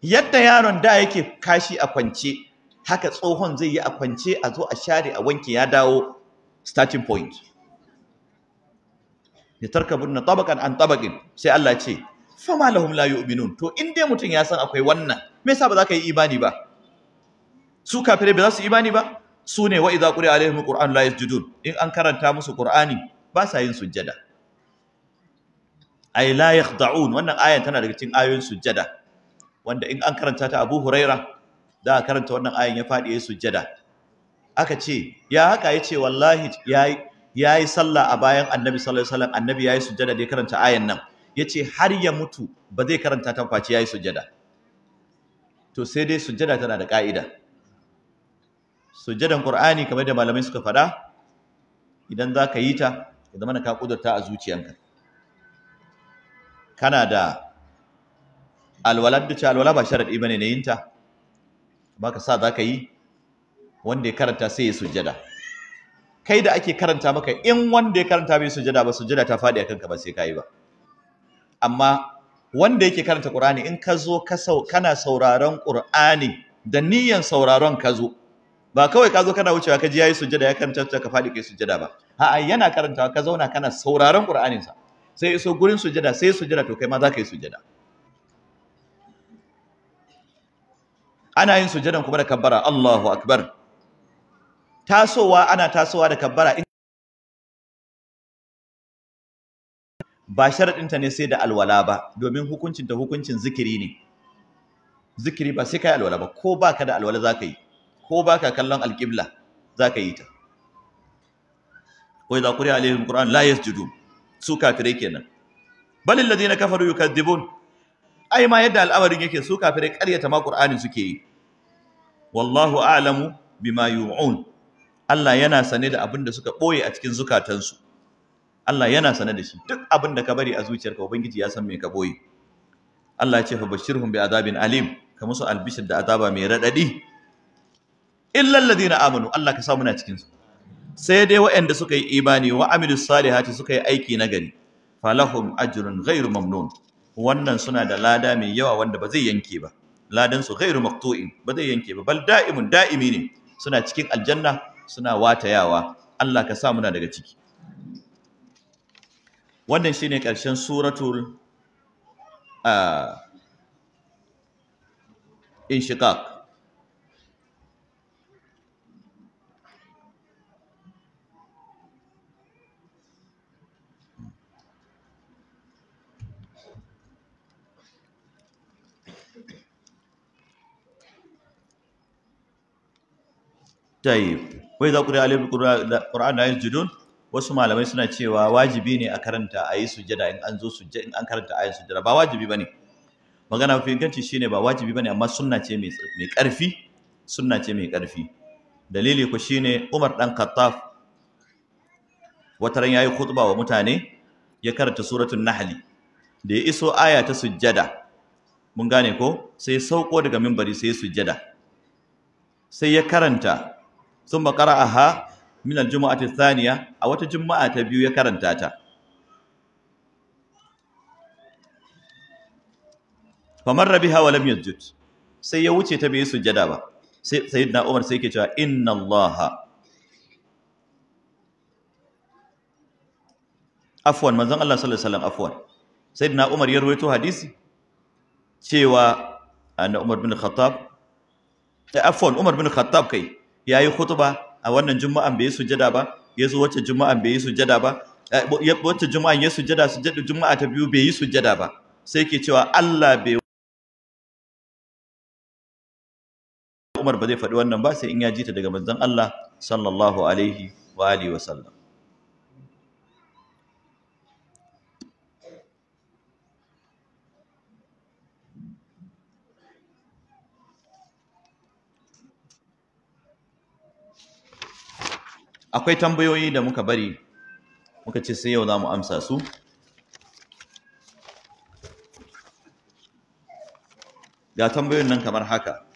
yadda yaron da yake kashi a kwance haka tsohon zai yi a kwance a zo a share a wanke ya dawo starting point ya tarkabun na tabakan an tabakin sai Allah ce fama lahum la yu'minun to in dai mutum ya san akwai wannan me yasa ba za ka yi imani ba su kafirai ba za su imani ba su ne wa idza a alaihim qur'an la yasjudun in an karanta musu qur'ani ba sa yin sujjada ay la yakhda'un wannan ayan tana daga cikin ayoyin sujjada wanda in an karanta ta Abu Huraira da karanta wannan ayan ya fadi yayin sujjada aka ce ya haka yace wallahi yayi yayi sallah a bayan Annabi sallallahu alaihi wasallam Annabi yayi sujjada da ya karanta ayan nan yace har ya mutu ba zai karanta ta face yayi sujjada to sai dai sujjada tana da ka'ida sujjadan Qur'ani kamar da malamai suka faɗa idan zaka yi ta ya zama ka kudurta a zuciyanka kana da alwala duk alwala ba sharaɗi ba ne yinta ba ka sa za ka yi wanda ya karanta sai ya sujada. kai da ake karanta maka in wanda ya karanta bai sujada ba sujada ta faɗi a kanka ba sai ka yi ba amma wanda yake karanta ƙur'ani in ka zo kana sauraron ƙur'ani da niyan sauraron ka zo ba kawai ka zo kana wucewa ka ji ya yi sujada ya karanta ka faɗi kai sujada ba a'a yana karantawa ka zauna kana sauraron ƙur'aninsa. sai iso gurin sujada sai sujada to kai ma za ka yi sujada ana yin sujadan kuma da kabbara Allahu akbar tasowa ana tasowa da kabbara ba sharaɗinta ne sai da alwala ba domin hukuncin ta hukuncin zikiri ne zikiri ba sai kai alwala ba ko baka da alwala za ka yi ko baka kallon alƙibla za ka yi ta ko idza quri'a alaihim qur'an la yasjudun su kafirai kenan balil ladina kafaru yukadzibun ai ma yadda al'amarin yake su kafirai ƙaryata ma qur'anin suke yi wallahu a'lamu bima yu'un Allah yana sane da abin da suka boye a cikin zukatansu Allah yana sane da shi duk abin da ka bari a zuciyarka ubangiji ya san me ka boye Allah ya ce fa bashirhum bi adabin alim ka musu albishir da azaba mai radadi illal ladina amanu Allah ka sa muna cikin su sai dai waɗanda suka yi imani wa amilu salihati suka yi aiki na gari falahum ajrun ghairu mamnun wannan suna da lada mai yawa wanda ba zai yanke ba ladan su ghairu maqtu'in ba zai yanke ba bal da'imun da'imi ne suna cikin aljanna suna watayawa Allah ka sa muna daga ciki wannan shine karshen suratul ah, inshiqaq tayyib wai za ku da qur'an la yajidun wasu malamai suna cewa wajibi ne a karanta ayi sujada in an zo sujada in an karanta ayin sujada ba wajibi bane magana mafi inganci shine ba wajibi bane amma sunna ce mai mai karfi sunna ce mai karfi dalili ku shine Umar dan Khattab wata ran yayi khutba wa mutane ya karanta suratun nahli da ya iso aya ta sujada. mun gane ko sai sauko daga minbari sai sujada. sai ya karanta sun bakara a ha minal juma'ati saniya a wata juma'a ta biyu ya karanta ta famar rabi hawa lam yajud sai ya wuce ta bai sujjada ba sai sayyidina umar sai ke cewa inna allaha afwan manzon Allah sallallahu alaihi wasallam afwan sayyidina Umar ya rawaito hadisi cewa anna Umar bin Khattab eh afwan Umar bin Khattab kai ya yi khutba a wannan juma'an bai yi sujada ba ya zo wacce juma'an bai yi sujada ba wacce juma'an ya sujada sujada juma'a ta biyu bai yi sujada ba sai ke cewa Allah bai Umar ba zai faɗi wannan ba sai in ya ji ta daga manzon Allah sallallahu alaihi wa alihi wa sallam akwai tambayoyi da muka bari muka ce sai yau za mu amsa su ga tambayoyin nan kamar haka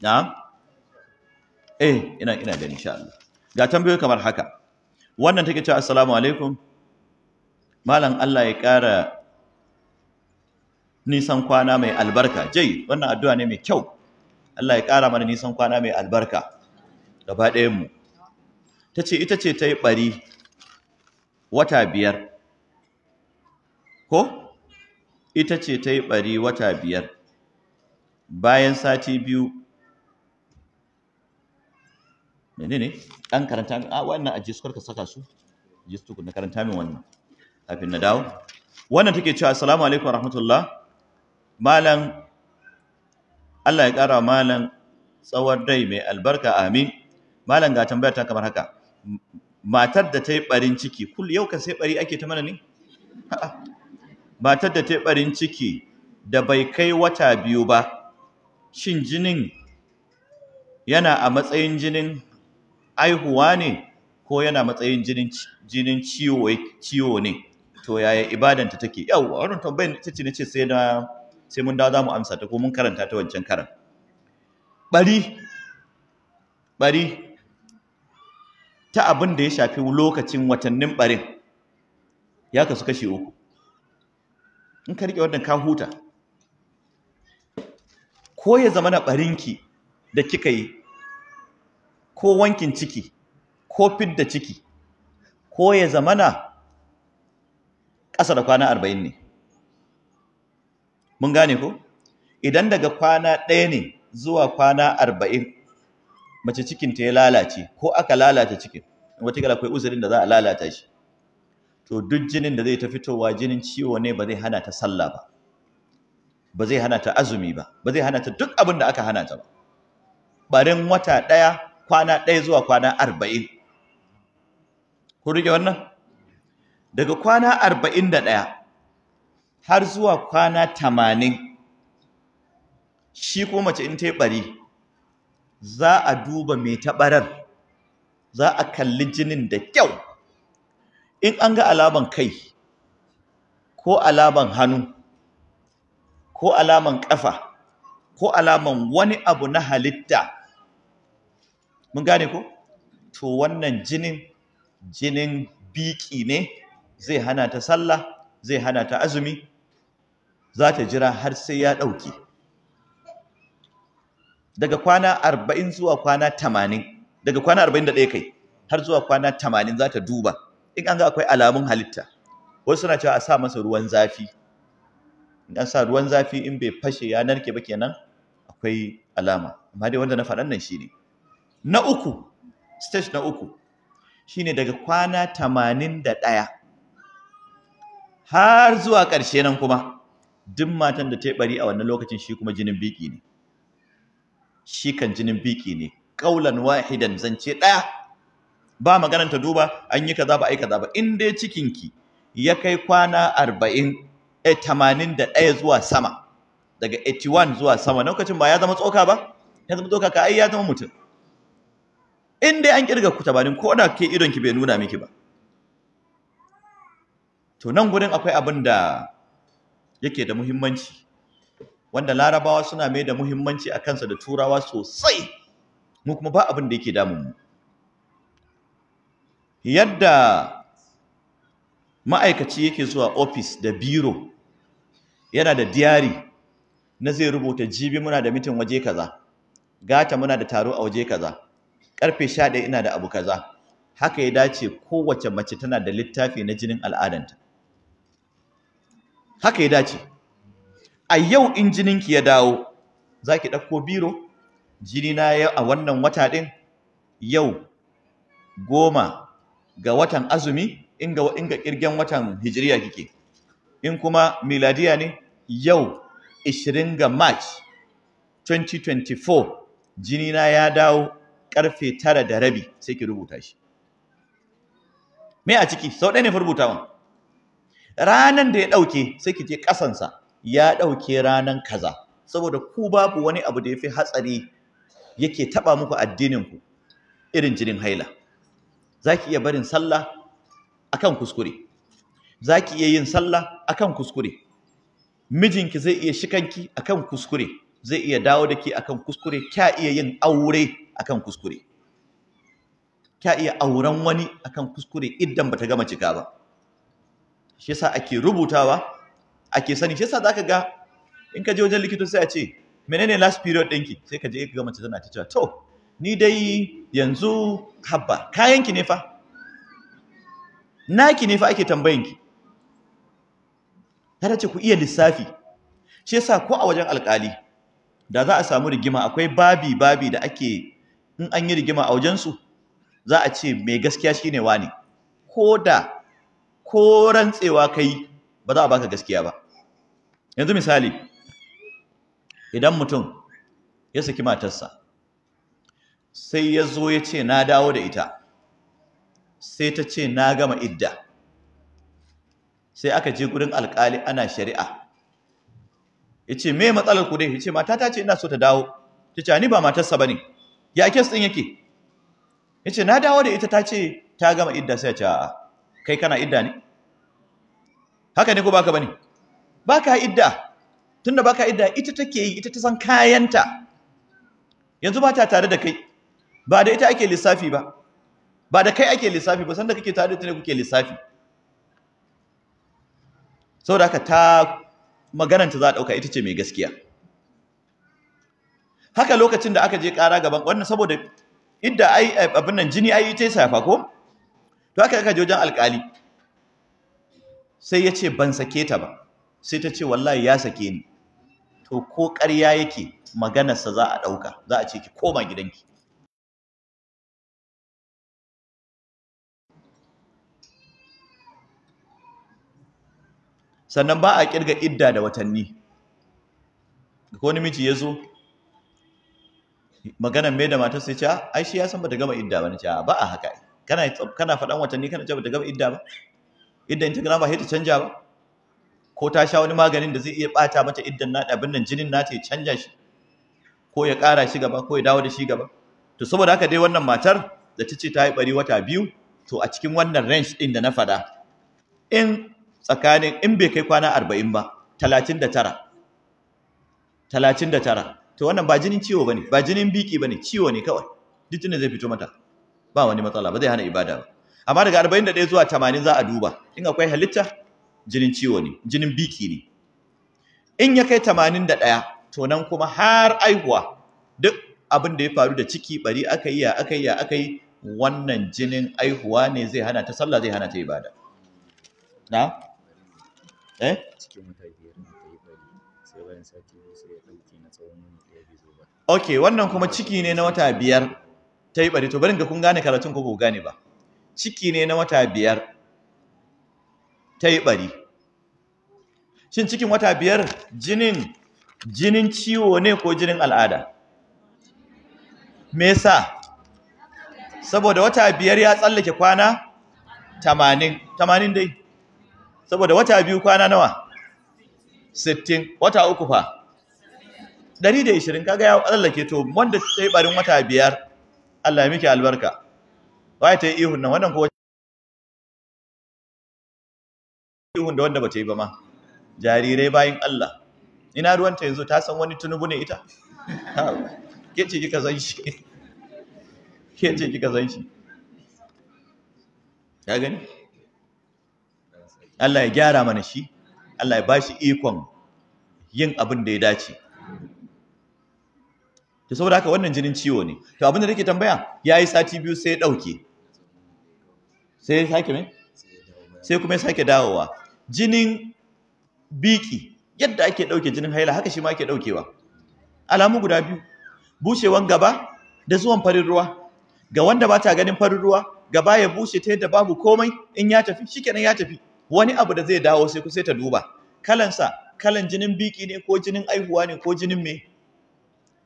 na eh ina ina gani insha Allah ga tambayoyi kamar haka wannan take cewa assalamu alaikum malam Allah ya ƙara nisan kwana mai albarka jai wannan addu'a ne mai kyau Allah ya ƙara mana nisan kwana mai albarka gaba mu. ta ce ita ce ta yi ɓari wata biyar ko ita ce ta yi ɓari wata biyar bayan sati biyu ne ne ɗan karanta a wannan a jisukar ka saka su jisukar na karanta min wannan kafin na dawo wannan take cewa assalamu alaikum rahmatullah malam Allah ya ƙara malam tsawon rai mai albarka amin malam ga tambayar ta kamar haka matar da ta yi barin ciki kul yau ka sai bari ake ta mana ne matar da ta yi barin ciki da bai kai wata biyu ba shin jinin yana a matsayin jinin aihuwa ne ko yana matsayin jinin jinin ciwo ciwo ne to yaya ibadanta take yau wannan tambayar ita ce nace sai na sai mun dawo zamu amsa ta ko mun karanta ta wancan karan bari bari ta abin da ya shafi lokacin watannin barin ya kasu kashi uku in ka riƙe wannan ka huta ko ya zama na barinki da kika yi ko wankin ciki ko fidda ciki ko ya zama na ƙasa da kwana arba'in ne mun gane ko idan daga kwana ɗaya ne zuwa kwana arba'in mace cikin ta ya lalace ko aka lalata cikin watakila akwai uzurin da za a lalata shi to duk jinin da zai ta fitowa jinin ciwo ne ba zai hana ta sallah ba ba zai hana ta azumi ba ba zai hana ta duk abin da aka hana ta ba barin wata ɗaya kwana ɗaya zuwa kwana arba'in ku rike wannan daga kwana arba'in da ɗaya har zuwa kwana tamanin shi ko mace in ta yi ɓari za a duba mai taɓarar za a kalli jinin da kyau in an ga alaman kai ko alaman hannu ko alaman ƙafa ko alaman wani abu na halitta mun gane ko to wannan jinin jinin biki ne zai hana ta sallah zai hana ta azumi za ta jira har sai ya ɗauke daga kwana arba'in zuwa kwana tamanin daga kwana arba'in da ɗaya kai har zuwa kwana tamanin za ta duba in an ga akwai alamun halitta wasu suna cewa a sa masa ruwan zafi in an sa ruwan zafi in bai fashe ya narke ba kenan akwai alama amma dai wanda na faɗan nan shine na uku stage na uku shine daga kwana tamanin da ɗaya har zuwa ƙarshe nan kuma duk matan da ta yi ɓari a wannan lokacin shi kuma jinin biki ne shi kan jinin biki ne kaulan wahidan zance ɗaya ba maganar ta duba an yi kaza ba ai kaza ba in dai cikinki ya kai kwana arba'in eh, tamanin da ɗaya zuwa sama daga 81 zuwa sama lokacin ba ya zama tsoka ba ya zama tsoka ka ai ya zama mutum in dai an kirga ku tabarin ko da ke idon ki bai nuna miki ba to nan gurin akwai abin da yake da muhimmanci wanda larabawa suna mai da muhimmanci a kansa da turawa sosai mu kuma ba abin da yake damun mu yadda ma'aikaci yake zuwa ofis da biro yana da diary na zai rubuta jibi muna da mitin waje kaza gata muna da taro a waje kaza karfe 11 ina da abu kaza haka ya dace kowace mace tana da littafi na jinin al'adanta haka ya dace a yau in jininki ya dawo za ki ɗauko biro jini na yau a wannan wata ɗin yau goma ga watan azumi in ga ƙirgen watan hijiriya kike in kuma miladiya ne yau 20 ga march 2024 jini na ya dawo ƙarfe tara da rabi sai ki rubuta shi me a ciki sau ɗaya ne fa rubutawan ranan da ya ɗauke sai ki je ƙasansa ya ɗauke ranan kaza saboda ku babu wani abu da ya fi hatsari yake taɓa muku addininku irin jinin haila za ki iya barin sallah akan kuskure za ki iya yin sallah akan kuskure mijinki zai iya shikanki akan kuskure zai iya dawo da ke akan kuskure kya iya yin aure akan kuskure kya iya auren wani akan kuskure idan bata gama cika ba shi yasa ake rubutawa ake sani shi yasa zaka ga in ka je wajen likito sai a ce menene last period ɗinki sai ka je ka ga mace tana ta cewa to ni dai yanzu habba ki ne fa naki ne fa ake tambayinki ta ce ku iya lissafi shi yasa ko a wajen alkali da za a samu rigima akwai babi babi da ake in an yi rigima a wajensu za a ce mai gaskiya shine wani ko da ko rantsewa kai ba za a baka gaskiya ba yanzu misali idan mutum ya saki matarsa sai ya zo ya ce na dawo da ita sai ta ce na gama idda sai aka je gurin alkali ana shari'a ya ce me matsalar ku dai ya ce mata ta ce ina so ta dawo ta ce ni ba matarsa ba ne ya kes ɗin yake ya ce na dawo da ita ta ce ta gama idda sai ya ce a'a kai kana idda ne haka ne ko baka ba ne baka idda tunda baka idda ita take yi ita ta san kayanta yanzu ba ta tare da kai ba da ita ake lissafi ba ba da kai ake lissafi ba sanda kake tare da ita ne kuke lissafi saboda haka ta magananta za a ɗauka ita ce mai gaskiya haka lokacin da aka je ƙara gaban wannan saboda idda ai eh, abin nan jini ai ita fa ko to haka aka je wajen alƙali sai ya ce ban sake ta ba sai ta ce wallahi ya sake ni to ko ƙarya yake maganarsa za a ɗauka za a ce ki koma gidanki sannan ba a ƙirga idda da watanni ko namiji ya zo maganar mai da matar sai ce ah, ai shi ya san bata gama idda ba na ce ba a haka kana kana faɗan watanni kana ce ta gama idda ba idda ta gama ba sai ta canja ba ko ta sha wani maganin da zai iya bata mata iddan na abin nan jinin nata ya canja shi ko ya ƙara shi gaba ko ya dawo da shi gaba to saboda haka dai wannan matar da ta ce ta yi bari wata biyu to a cikin wannan range din da na faɗa in tsakanin in bai kai kwana arba'in ba talatin da tara talatin da tara to wannan ba jinin ciwo ba ne ba jinin biki ba ne ciwo ne kawai duk jinin zai fito mata ba wani matsala ba zai hana ibada ba amma daga arba'in da ɗaya zuwa tamanin za a duba in akwai halitta jinin ciwo ne jinin biki ne in ya kai 81 to nan kuma har aihuwa duk abin da ya faru da ciki bari aka yi ya aka yi ya aka yi wannan jinin aihuwa ne zai hana ta sallah zai hana ta ibada na eh ok wannan kuma ciki ne na wata biyar ta yi bari to barin ga kun gane karatun ko ku gane ba ciki ne na wata biyar ta yi ɓari shin cikin wata biyar jinin jinin ciwo ne ko jinin al'ada me sa? saboda wata biyar ya tsallake kwana tamanin tamanin dai saboda wata biyu kwana nawa sittin wata uku fa Dari da ishirin kaga ya tsallake to wanda ta yi ɓarin wata biyar Allah ya miki albarka wai ta yi ihun nan wannan kowace? ihun da wanda ta yi ba ma jarirai bayan Allah ina ruwanta yanzu ta san wani tunubu ne ita ke ce kika san shi ke ce kika san shi ya gani Allah ya gyara mana shi Allah ya ba shi ikon yin abin da ya dace Ta saboda haka wannan jinin ciwo ne to abin da nake tambaya ya yi sati biyu sai ya dauke sai ya sake me sai kuma ya sake dawowa jinin biki yadda ake ɗauke jinin haila haka shi ma ake ɗaukewa alamu guda biyu bushewan gaba da zuwan farin ruwa ga wanda ba ta ganin farin ruwa gaba ya bushe ta yadda babu komai in ya tafi shikenan ya tafi wani abu da zai dawo sai kusa ta duba kalansa kalan jinin biki ne ko jinin aihuwa ne ko jinin me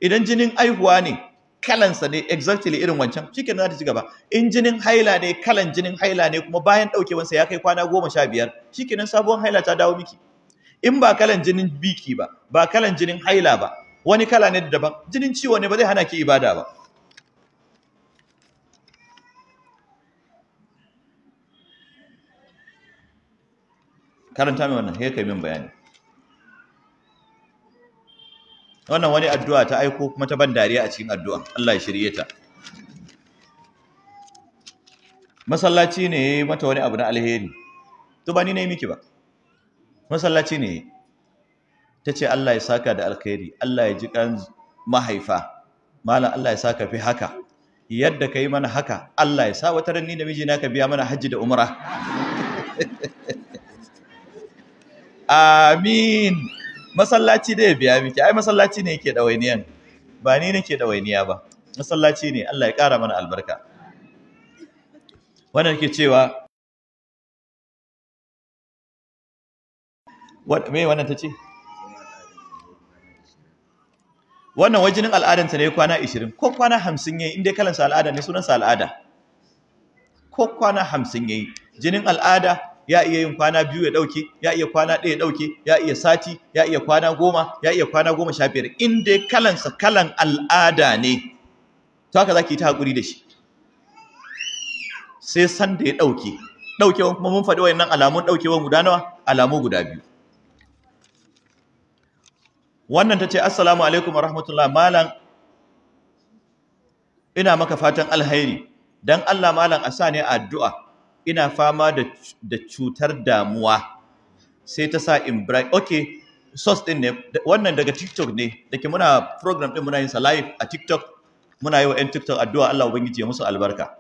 idan jinin aihuwa ne kalansa ne exactly irin wancan shike za ta ci gaba in jinin haila ne kalan jinin haila ne kuma bayan wansa ya kai kwana goma sha biyar shike nan sabuwar haila ta dawo miki in ba kalan jinin biki ba ba kalan jinin haila ba wani kala ne daban jinin ciwo ne ba zai hana ki ibada ba karanta mai wannan sai kai min bayani wannan wani addu'a ta aiko kuma ta ban dariya a cikin addu'a Allah ya shirye ta masallaci ne mata wani abu na alheri to ba ni ne miki ba masallaci ne ta ce Allah ya saka da alkhairi Allah ya ji kan mahaifa malam Allah ya saka fi haka yadda ka yi mana haka Allah ya sa wata ranni da mijina ka biya mana hajji da umra amin masallaci dai ya biya miki ai masallaci ne yake ɗawainiyan ba ni nake ɗawainiya ba masallaci ne Allah ya ƙara mana albarka wannan ke cewa me wannan ta ce wannan wajinin al'adanta ne kwana 20 ko kwana 50 yayi inda kalansa al'ada ne sunansa al'ada ko kwana 50 yayi jinin al'ada ya iya yin kwana biyu ya ɗauke ya iya kwana ɗaya ya ɗauke ya iya sati ya iya kwana goma ya iya kwana goma sha biyar in dai kalansa kalan al'ada ne to haka za ki yi ta haƙuri da shi sai san da ya ɗauke ɗaukewan kuma mun faɗi wayannan alamun ɗaukewan guda nawa alamu guda biyu wannan ta ce assalamu alaikum wa rahmatullah malam ina maka fatan alhairi dan Allah malam a sa ne addu'a ina fama da cutar damuwa sai ta sa in bright okay source din ne wannan daga tiktok ne da ke muna program din muna yin sa live a tiktok muna yi wa 'yan tiktok addu'a Allah ubangiji ya musu albarka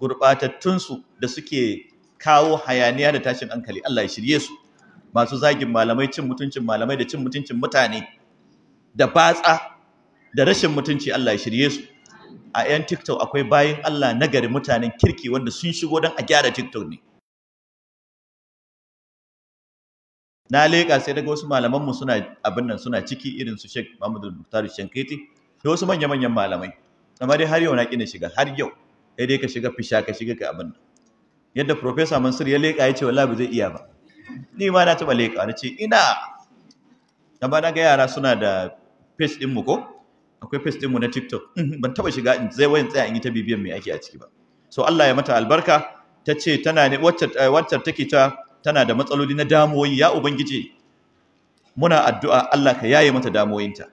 gurɓatattunsu da suke kawo hayaniya da tashin hankali Allah ya shirye su masu zagin malamai cin mutuncin malamai da cin mutuncin mutane da batsa da rashin mutunci Allah ya shirye su a 'yan tiktok akwai bayan Allah nagari mutanen kirki wanda sun shigo don a gyara tiktok ne na leƙa sai daga wasu malamanmu suna abin nan suna ciki irin su Sheikh Muhammadu Muhtaru Shankiti da wasu manya-manyan malamai amma dai har yau na kina shiga har yau sai dai ka shiga fisha ka shiga ka abin nan yadda Profesa Mansur ya leƙa ya ce wallahi ba zai iya ba ni ma na taɓa leƙa na ce ina amma na ga yara suna da page ɗin mu ko akwai face ɗinmu na tiktok mhm. ban taɓa shiga in zai wayan tsaya in yi ta bibiyan me ake a ciki ba so Allah ya mata albarka ta ce tana ne eh, wacce take ta tana da matsaloli na damuwoyi ya ubangiji muna addu'a Allah ka yaye mata damuwoyinta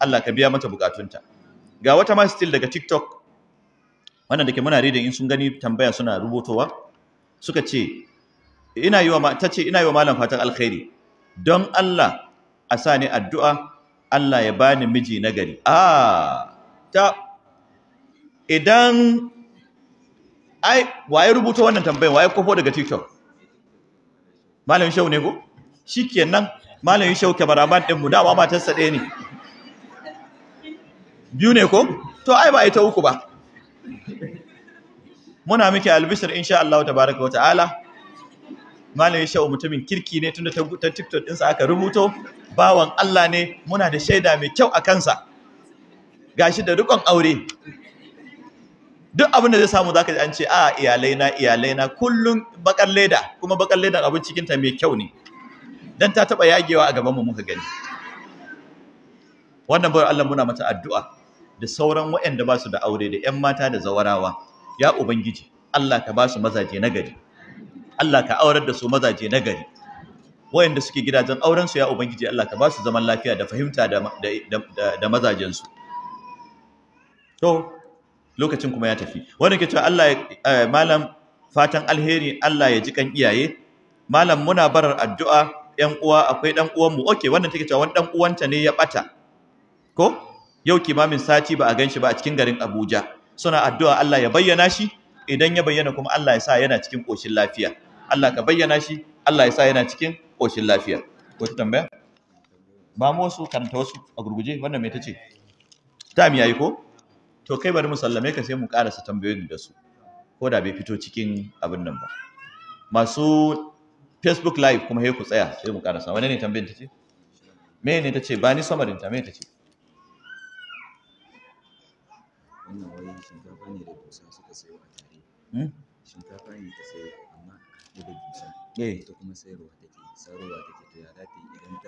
Allah ka biya mata bukatunta ga wata ma still daga tiktok wannan ke muna reading in sun gani tambaya suna rubutowa suka ce ina yi wa ta ce ina yi wa malam fatan alkhairi don Allah a sa ni addu'a Allah ya bani miji nagari a ah, ta idan ai waye rubuta wannan tambayar waye kofo daga TikTok malamin shau ne ko shikenan malamin shau kameraman din mu ba matar sa ɗaya ne biyu ne ko to ai ba ita uku ba muna miki albishir insha Allah tabaaraka wa ta'ala malam ya mutumin kirki ne tunda ta tiktok ɗinsa aka rubuto bawan Allah ne muna da shaida mai kyau a kansa Ga shi da rikon aure duk abin da zai samu zaka ji an ce a iyalai na iyalai na kullum bakar leda kuma bakar leda abin cikinta mai kyau ne dan ta taba yagewa a gaban mu muka gani wannan bar Allah muna mata addu'a da sauran waɗanda ba su da aure da ƴan mata da zawarawa ya ubangiji Allah ka ba su mazaje na gari Allah ka aurar da su mazaje na gari wayanda suke gidajen auren su ya ubangiji Allah ka ba su zaman lafiya da fahimta da da mazajen su to lokacin kuma ya tafi Wannan ke cewa Allah eh, malam fatan alheri Allah ya ji kan iyaye malam muna barar addu'a yan uwa akwai dan uwan mu okay wannan take cewa wani dan uwanta ne ya bata ko yau kimamin sati ba a ganshi ba a cikin garin Abuja suna addu'a Allah ya bayyana shi idan ya bayyana kuma Allah ya sa yana cikin koshin lafiya Allah ka bayyana shi Allah ya sa yana cikin ƙoshin lafiya wata tambaya ba mu wasu karanta wasu a gurguje wannan mai ta ce ta mi yayi ko to kai bari mu sallame ka sai mu karasa tambayoyin da su ko da bai fito cikin abin nan ba masu facebook live kuma sai ku tsaya sai mu karasa wani ne tambayin ta ce me ne ta ce ba ni samarin ta me ta ce wannan shinkafa ne da kusa suka sayo a tare hmm? Eh,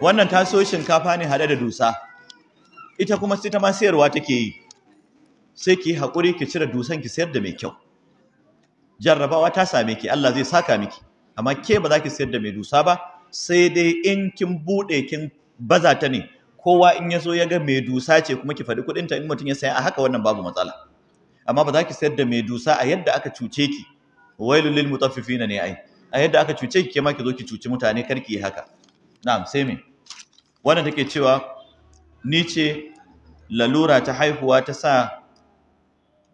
wannan ta siyo shinkafa ne hada da dusa ita kuma sai ta ma sayarwa take yi sai ki haƙuri ki cire dusan ki sayar da mai kyau jarrabawa ta same ki Allah zai saka miki amma ke ba za ki sayar da mai dusa ba sai dai in kin buɗe kin baza ta ne kowa in ya zo ya ga mai dusa ce kuma ki faɗi kuɗinta in mutum ya saya a haka wannan babu matsala amma ba za ki sayar da mai dusa a yadda aka cuce ki wailul lil mutaffifina ne ai a yadda aka cuce ki ma ki zo ki cuci mutane kar ki yi haka na'am sai me wannan take cewa ni ce lalura ta haihuwa ta sa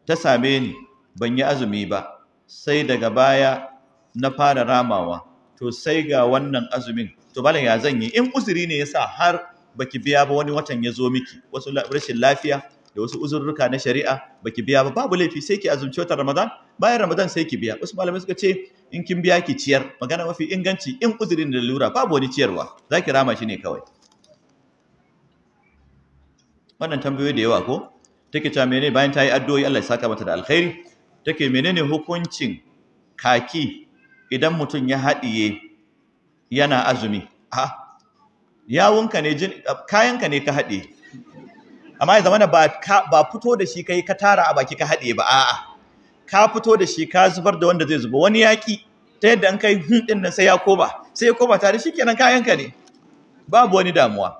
ta same ni ban yi azumi ba sai daga baya na fara ramawa to sai ga wannan azumin to Bala ya zan yi in uzuri ne yasa har baki biya ba wani watan ya zo miki wasu rashin lafiya da wasu uzurruka na shari'a baki biya ba babu laifi sai ki azumci wata Ramadan bayan Ramadan sai ki biya wasu malamai suka ce in kin biya ki ciyar magana mafi inganci in uzurin da lura babu wani ciyarwa Za ki rama shi ne kawai wannan tambayoyi da yawa ko take ta menene bayan ta yi addu'o'i Allah ya saka mata da alkhairi take menene hukuncin kaki idan mutum ya haɗiye yana azumi a yawunka ne kayanka ne ka haɗiye? amma ya zamana ba fito da shi kai ka tara a baki ka haɗe ba a'a ka fito da shi ka zubar da wanda zai zuba wani yaƙi ta yadda an kai hun hmm nan sai ya koba sai ya koba tare shi kenan kayan ka ne babu wani damuwa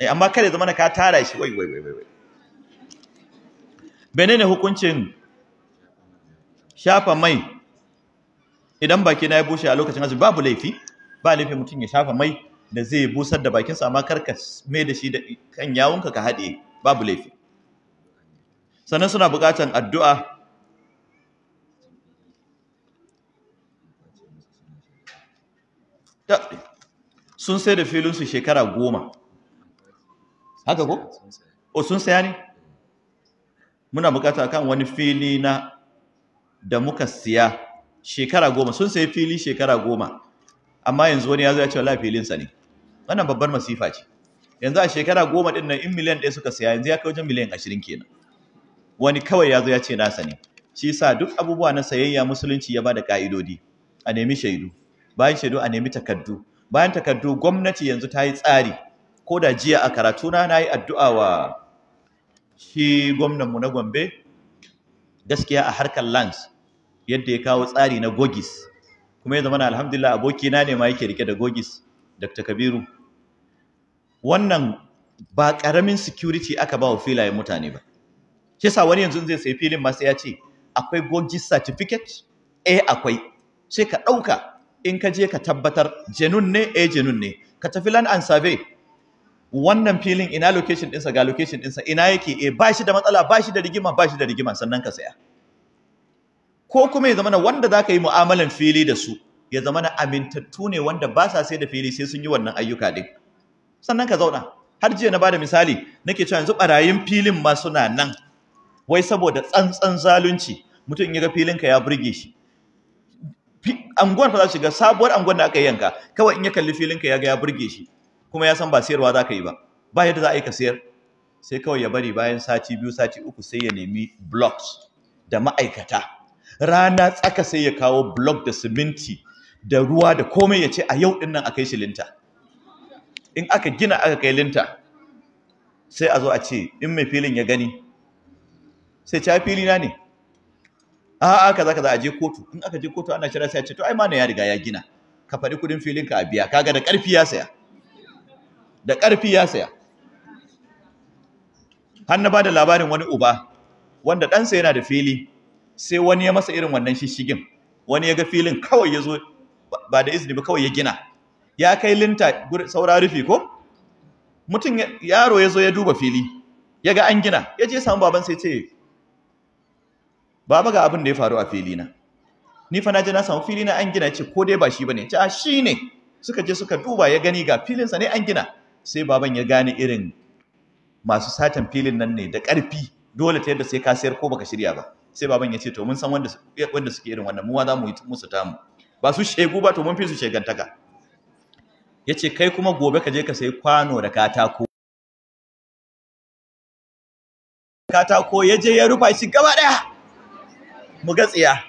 eh amma kada zamana ka tara shi wai wai wai wai menene hukuncin shafa mai idan baki na ya bushe a lokacin azumi babu laifi ba laifi mutum ya shafa mai da zai busar da bakinsa amma kar ka mai da shi da kan yawunka ka haɗe babu laifi sannan suna bukatan addu'a sun sai da filinsu shekara goma haka ko? o sun saya ne? muna bukata kan wani fili na da muka siya shekara goma sun sayi fili shekara goma amma yanzu wani ya zo ya ce wala filinsa ne wannan babbar masifa ce yanzu a shekara goma ɗin nan in miliyan ɗaya suka siya. yanzu ya kai wajen miliyan ashirin kenan wani kawai ya zo ya ce nasa ne shi sa duk abubuwa na sayayya musulunci ya bada ƙa'idodi, a nemi shaidu bayan shaidu a nemi takardu bayan takardu gwamnati yanzu ta yi tsari ko da jiya a karatuna na yi addu'a wa shi gwamnanmu na gombe gaskiya a harkar lands yadda ya kawo tsari na gogis kuma ya zama na alhamdulillah abokina ne ma yake rike da gogis dr kabiru wannan ba ƙaramin security aka ba wa filayen mutane ba shi wani yanzu zai sayi filin ma sai ya ce akwai gogi certificate eh akwai sai ka ɗauka in ka je ka tabbatar jenun ne eh jenun ne ka tafi land and survey wannan filin ina location ɗinsa ga location ɗinsa ina yake eh ba shi da matsala ba shi da rigima ba shi da rigima sannan ka saya ko kuma ya zamana wanda za ka yi mu'amalan fili da su ya zamana amintattu ne wanda ba sa sai da fili sai sun yi wannan ayyuka ɗin sannan ka zauna har jiya na bada misali nake cewa yanzu barayin filin ma suna nan wai saboda tsantsan zalunci mutum ya ga filinka ya burge shi anguwar fa za shiga sabuwar anguwar da aka yi yanka kawai in ya kalli filinka ya ga ya burge shi kuma ya san ba sayarwa za ka yi ba ba yadda za a yi ka sayar sai kawai ya bari bayan sati biyu sati uku sai ya nemi blocks da ma'aikata rana tsaka sai ya kawo block da siminti da ruwa da komai ya ce a yau din nan a kai shilinta in aka gina aka kai linta sai a zo a ce in mai filin ya gani sai ca fili ne a a kaza kaza a je kotu in aka je kotu ana shirya sai a ce to ai mana ya riga ya gina ka faɗi kudin filin a biya kaga da ƙarfi ya saya da ƙarfi ya saya har na bada labarin wani uba wanda ɗansa yana da fili sai wani ya masa irin wannan shishigin wani ya ga filin kawai ya zo ba da izini ba kawai ya gina ya kai linta saura rufi ko mutum yaro ya zo ya duba fili ya ga an gina ya je samu baban sai ce baba ga abin da ya faru a fili na ni fa na je na samu fili na an gina ce ko dai ba shi bane ce a shi ne suka je suka duba ya gani ga filinsa ne an gina sai baban ya gane irin masu satan filin nan ne da ƙarfi dole ta yadda sai ka sayar ko baka shirya ba sai baban ya ce to mun san wanda wanda suke irin wannan mu za mu yi musu tamu ba su shegu ba to mun fi su shegantaka Ya ce kai kuma gobe ka je ka sayi kwano da katako katako ya je ya rufa shi gaba daya mu ga tsiya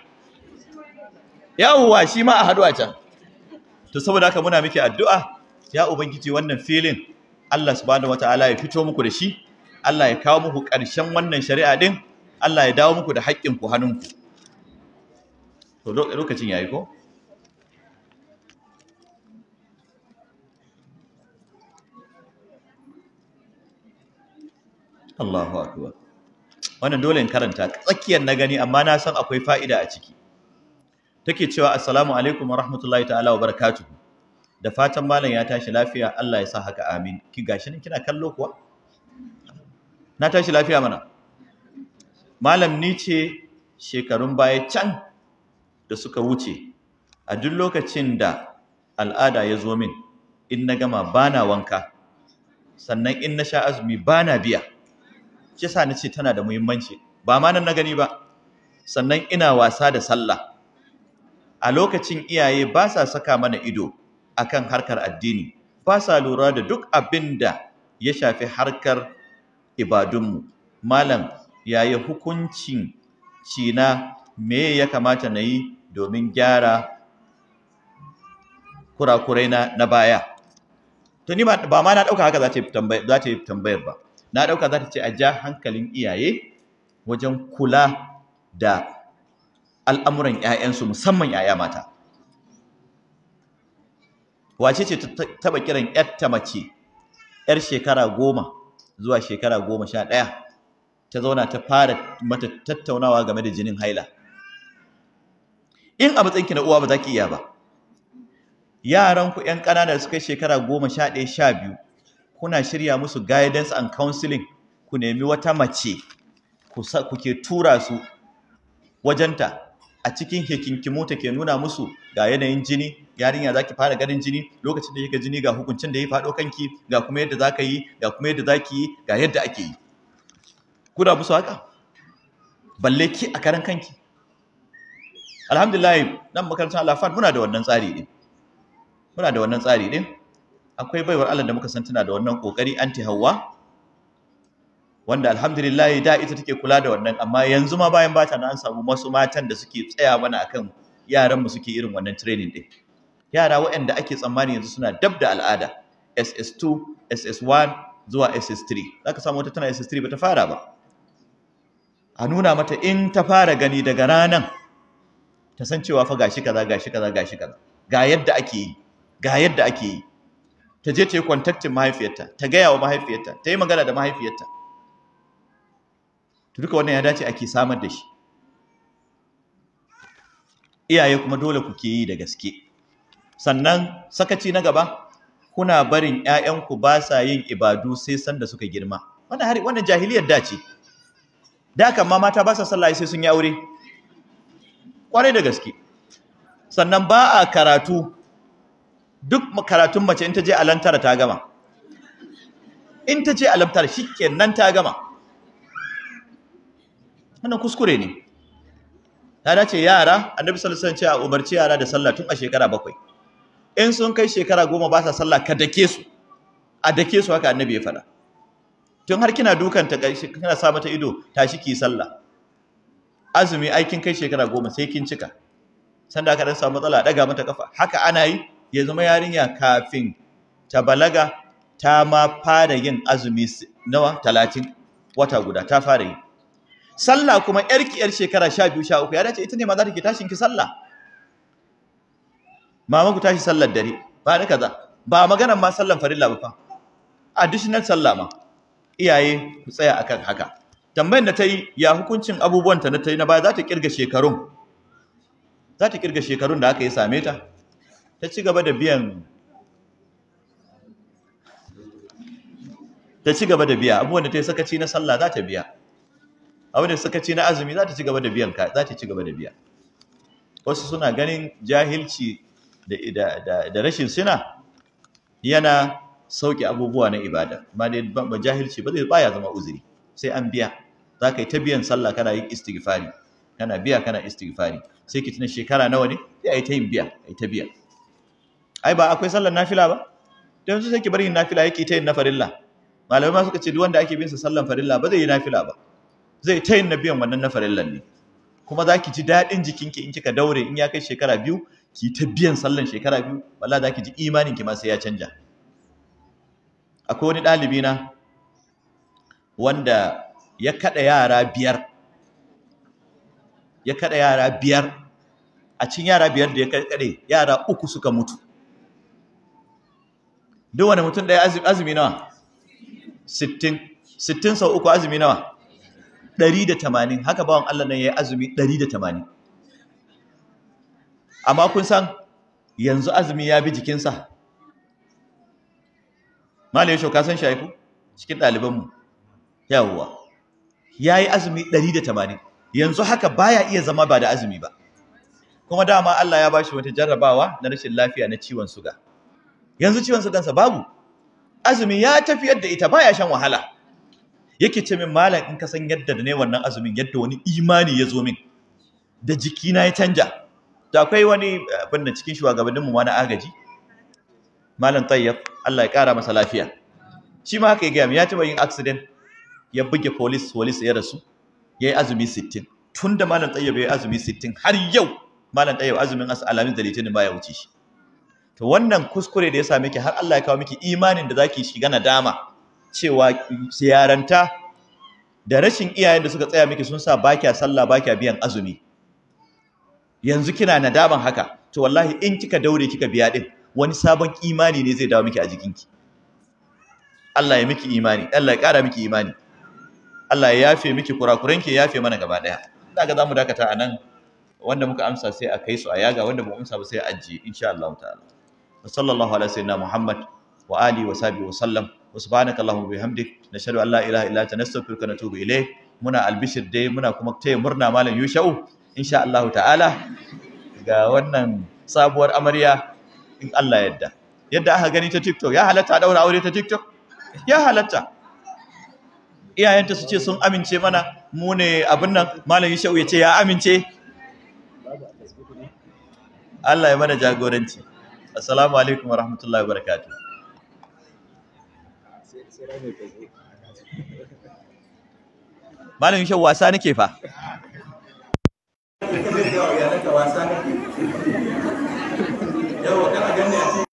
yawwa shi ma a hadu a can to saboda haka muna miki addu'a ya ubangiji wannan filin Allah subhanahu wataala ya fito muku da shi Allah ya kawo muku ƙarshen wannan shari'a din Allah ya dawo muku da haƙƙin ku hannunku to lokacin yayi ko Allahu akbar wannan dole in karanta tsakiyar na gani amma na san akwai fa'ida a ciki take cewa assalamu alaikum wa rahmatullahi ta'ala wa barakatuhu da fatan malam ya tashi lafiya Allah ya sa haka amin ki gashi ne kina kallo kuwa na tashi lafiya mana malam ni ce shekarun baya can da suka wuce a duk lokacin da al'ada ya zo min in na gama bana wanka sannan in na sha azumi bana biya shi na ce tana da muhimmanci ba ma nan na gani ba sannan ina wasa da sallah a lokacin iyaye ba sa saka mana ido akan harkar addini ba sa lura da duk abin da ya shafi harkar ibadunmu malam yaya hukuncin cina me ya kamata na yi domin gyara kurakurai na baya tuni ba ma na ɗauka haka za ta yi tambayar ba na ɗauka za ta ce a ja hankalin iyaye wajen kula da al'amuran ‘ya'yansu musamman ‘ya'ya mata wace ce ta taɓa kiran ‘yarta mace ‘yar shekara goma zuwa shekara goma sha ɗaya ta zauna ta fara mata tattaunawa game da jinin haila in a matsayinki na uwa ba za ki iya ba yaranku ‘yan ƙanana da suka shekara goma sha ɗaya sha biyu kuna shirya musu guidance and counseling ku nemi wata mace ku ke tura su wajenta a cikin hikinkimu ta ke nuna musu ga yanayin jini yarinya za ki fara ganin jini lokacin da kika jini ga hukuncin da ya faɗo kanki ga kuma yadda za ka yi ga kuma yadda za ki yi ga yadda ake yi kuna musu haka balle ki a karan kanki alhamdulillah nan makarantar alafan muna da wannan tsari din muna da wannan tsari din akwai baiwar Allah da muka san tana da wannan kokari anti hawa wanda alhamdulillah da ita take kula da wannan amma yanzu ma bayan bata na an samu wasu matan da suke tsaya mana akan yaran mu suke irin wannan training din yara waɗanda ake tsammani yanzu suna dab da al'ada SS2 SS1 zuwa SS3 zaka samu wata tana SS3 bata fara ba a nuna mata in ta fara gani daga ranan ta san cewa fa gashi kaza gashi kaza gashi kaza ga yadda ake yi ga yadda ake yi ta je ta yi kwantaktin mahaifiyarta ta gaya wa mahaifiyarta ta yi magana da mahaifiyarta Tu duka wannan ya dace ake samar da shi iyaye kuma dole kuke yi da gaske sannan sakaci na gaba kuna barin 'ya'yanku ba sa yin ibadu sai sanda suka girma wannan jahiliyar dace da mata ba sa sallah sai sun yi aure kwarai da gaske sannan ba a karatu duk karatun mace in ta je alantara ta gama in ta je alantara shikenan ta gama wannan kuskure ne ta dace yara annabi sallallahu alaihi wasallam ce a umarci yara da sallah tun a shekara bakwai in sun kai shekara goma ba sa sallah ka dake su a dake su haka annabi ya faɗa tun har kina dukan ta kina sa mata ido tashi ki sallah azumi aikin kai shekara goma sai kin cika sanda aka dan samu matsala daga mata kafa haka ana yi ya zama yarinya kafin ta balaga ta ma fara yin azumi nawa talatin wata guda ta fara yi sallah kuma yarki yar shekara sha biyu sha uku ya dace ita ne ma za ta ke tashin ki sallah mama ku tashi sallar dare ba ni kaza ba maganar ma sallan farilla ba fa additional sallah ma iyaye ku tsaya akan haka tambayar da ta yi ya hukuncin abubuwan ta na ta yi na baya za ta kirga shekarun za ta kirga shekarun da aka yi same ta ta ci gaba da biyan ta ci gaba da biya abubuwan da ta yi sakaci na sallah za ta biya abubuwan da sakaci na azumi za ta ci gaba da biyan ka za ta ci gaba da biya wasu suna ganin jahilci da da rashin suna yana sauƙi abubuwa na ibada amma dai ba jahilci ba zai baya zama uzuri sai an biya za ka yi ta biyan sallah kana yin istighfari kana biya kana istighfari sai ki tuna shekara nawa ne sai a yi ta yin biya a yi ta biya ai ba akwai sallar nafila ba dan su sai ki bari nafila yake ta yin na farilla malamai ma suka ce duk wanda ake bin sa sallar farilla ba zai yi nafila ba zai ta yin nabiyan wannan na farillan ne kuma za ki ji daɗin jikinki in kika daure in ya kai shekara biyu ki ta biyan sallan shekara biyu wallahi za ki ji imaninki ma sai ya canja akwai wani ɗalibi na wanda ya kada yara biyar ya kada yara biyar a cikin yara biyar da ya kade yara uku suka mutu duk wani mutum ɗaya azumi nawa sittin sittin sau uku azumi nawa ɗari da tamanin haka bawan Allah nan ya yi azumi ɗari da tamanin amma kun san yanzu azumi ya bi jikinsa malaye ya ka san shaifu cikin ɗalibanmu yawuwa ya yi azumi ɗari da tamanin yanzu haka baya iya zama ba da azumi ba kuma dama Allah ya ba shi wata jarrabawa na rashin lafiya na ciwon suga yanzu ciwon dansa, babu azumi ya tafi yadda ita baya shan wahala yake ce min malam in ka san yadda da ne wannan azumin yadda wani imani ya zo min da jikina ya canja da akwai wani eh, abin da cikin shugabanninmu mu na agaji malam tayyab Allah ya kara masa lafiya shi ma haka ya ga ya taba yin accident ya buge police police ya rasu ya azumi 60 Tunda malam tayyab ya azumi 60 har yau malam tayyab azumin asalamin dalilin ba baya wuce shi to wannan kuskure da ya same ki har Allah ya kawo miki imanin da zaki shiga nadama cewa ziyaranta da rashin iyayen da suka tsaya miki sun sa bakiya sallah bakiya biyan azumi yanzu kina nadaman haka to wallahi in kika daure kika biya din wani sabon imani ne zai dawo miki a jikinki Allah ya miki imani Allah ya kara miki imani Allah ya yafe miki kurakuranki ya yafe mana gaba daya ga zamu dakata anan wanda muka amsa sai a kai su a yaga wanda ba amsa ba sai a ajiye insha Allah ta'ala wa sallallahu wa sayyidina muhammad wa ali wa sahbihi wa sallam wa subhanaka allahumma bihamdik nashhadu an la ilaha illa anta nastaghfiruka wa natubu ilayk muna albishir dai muna kuma taya murna malam yusha'u insha Allah ta'ala ga wannan sabuwar amarya in Allah yadda yadda aka gani ta TikTok ya halatta daura aure ta TikTok ya halatta iyayenta su ce sun amince mana mu ne abin nan malam yusha'u ya ce ya amince Allah ya mana jagoranci assalamu alaikum wa rahmatullahi wa barakatuh malamin shan wasa nake fa yau kana ganin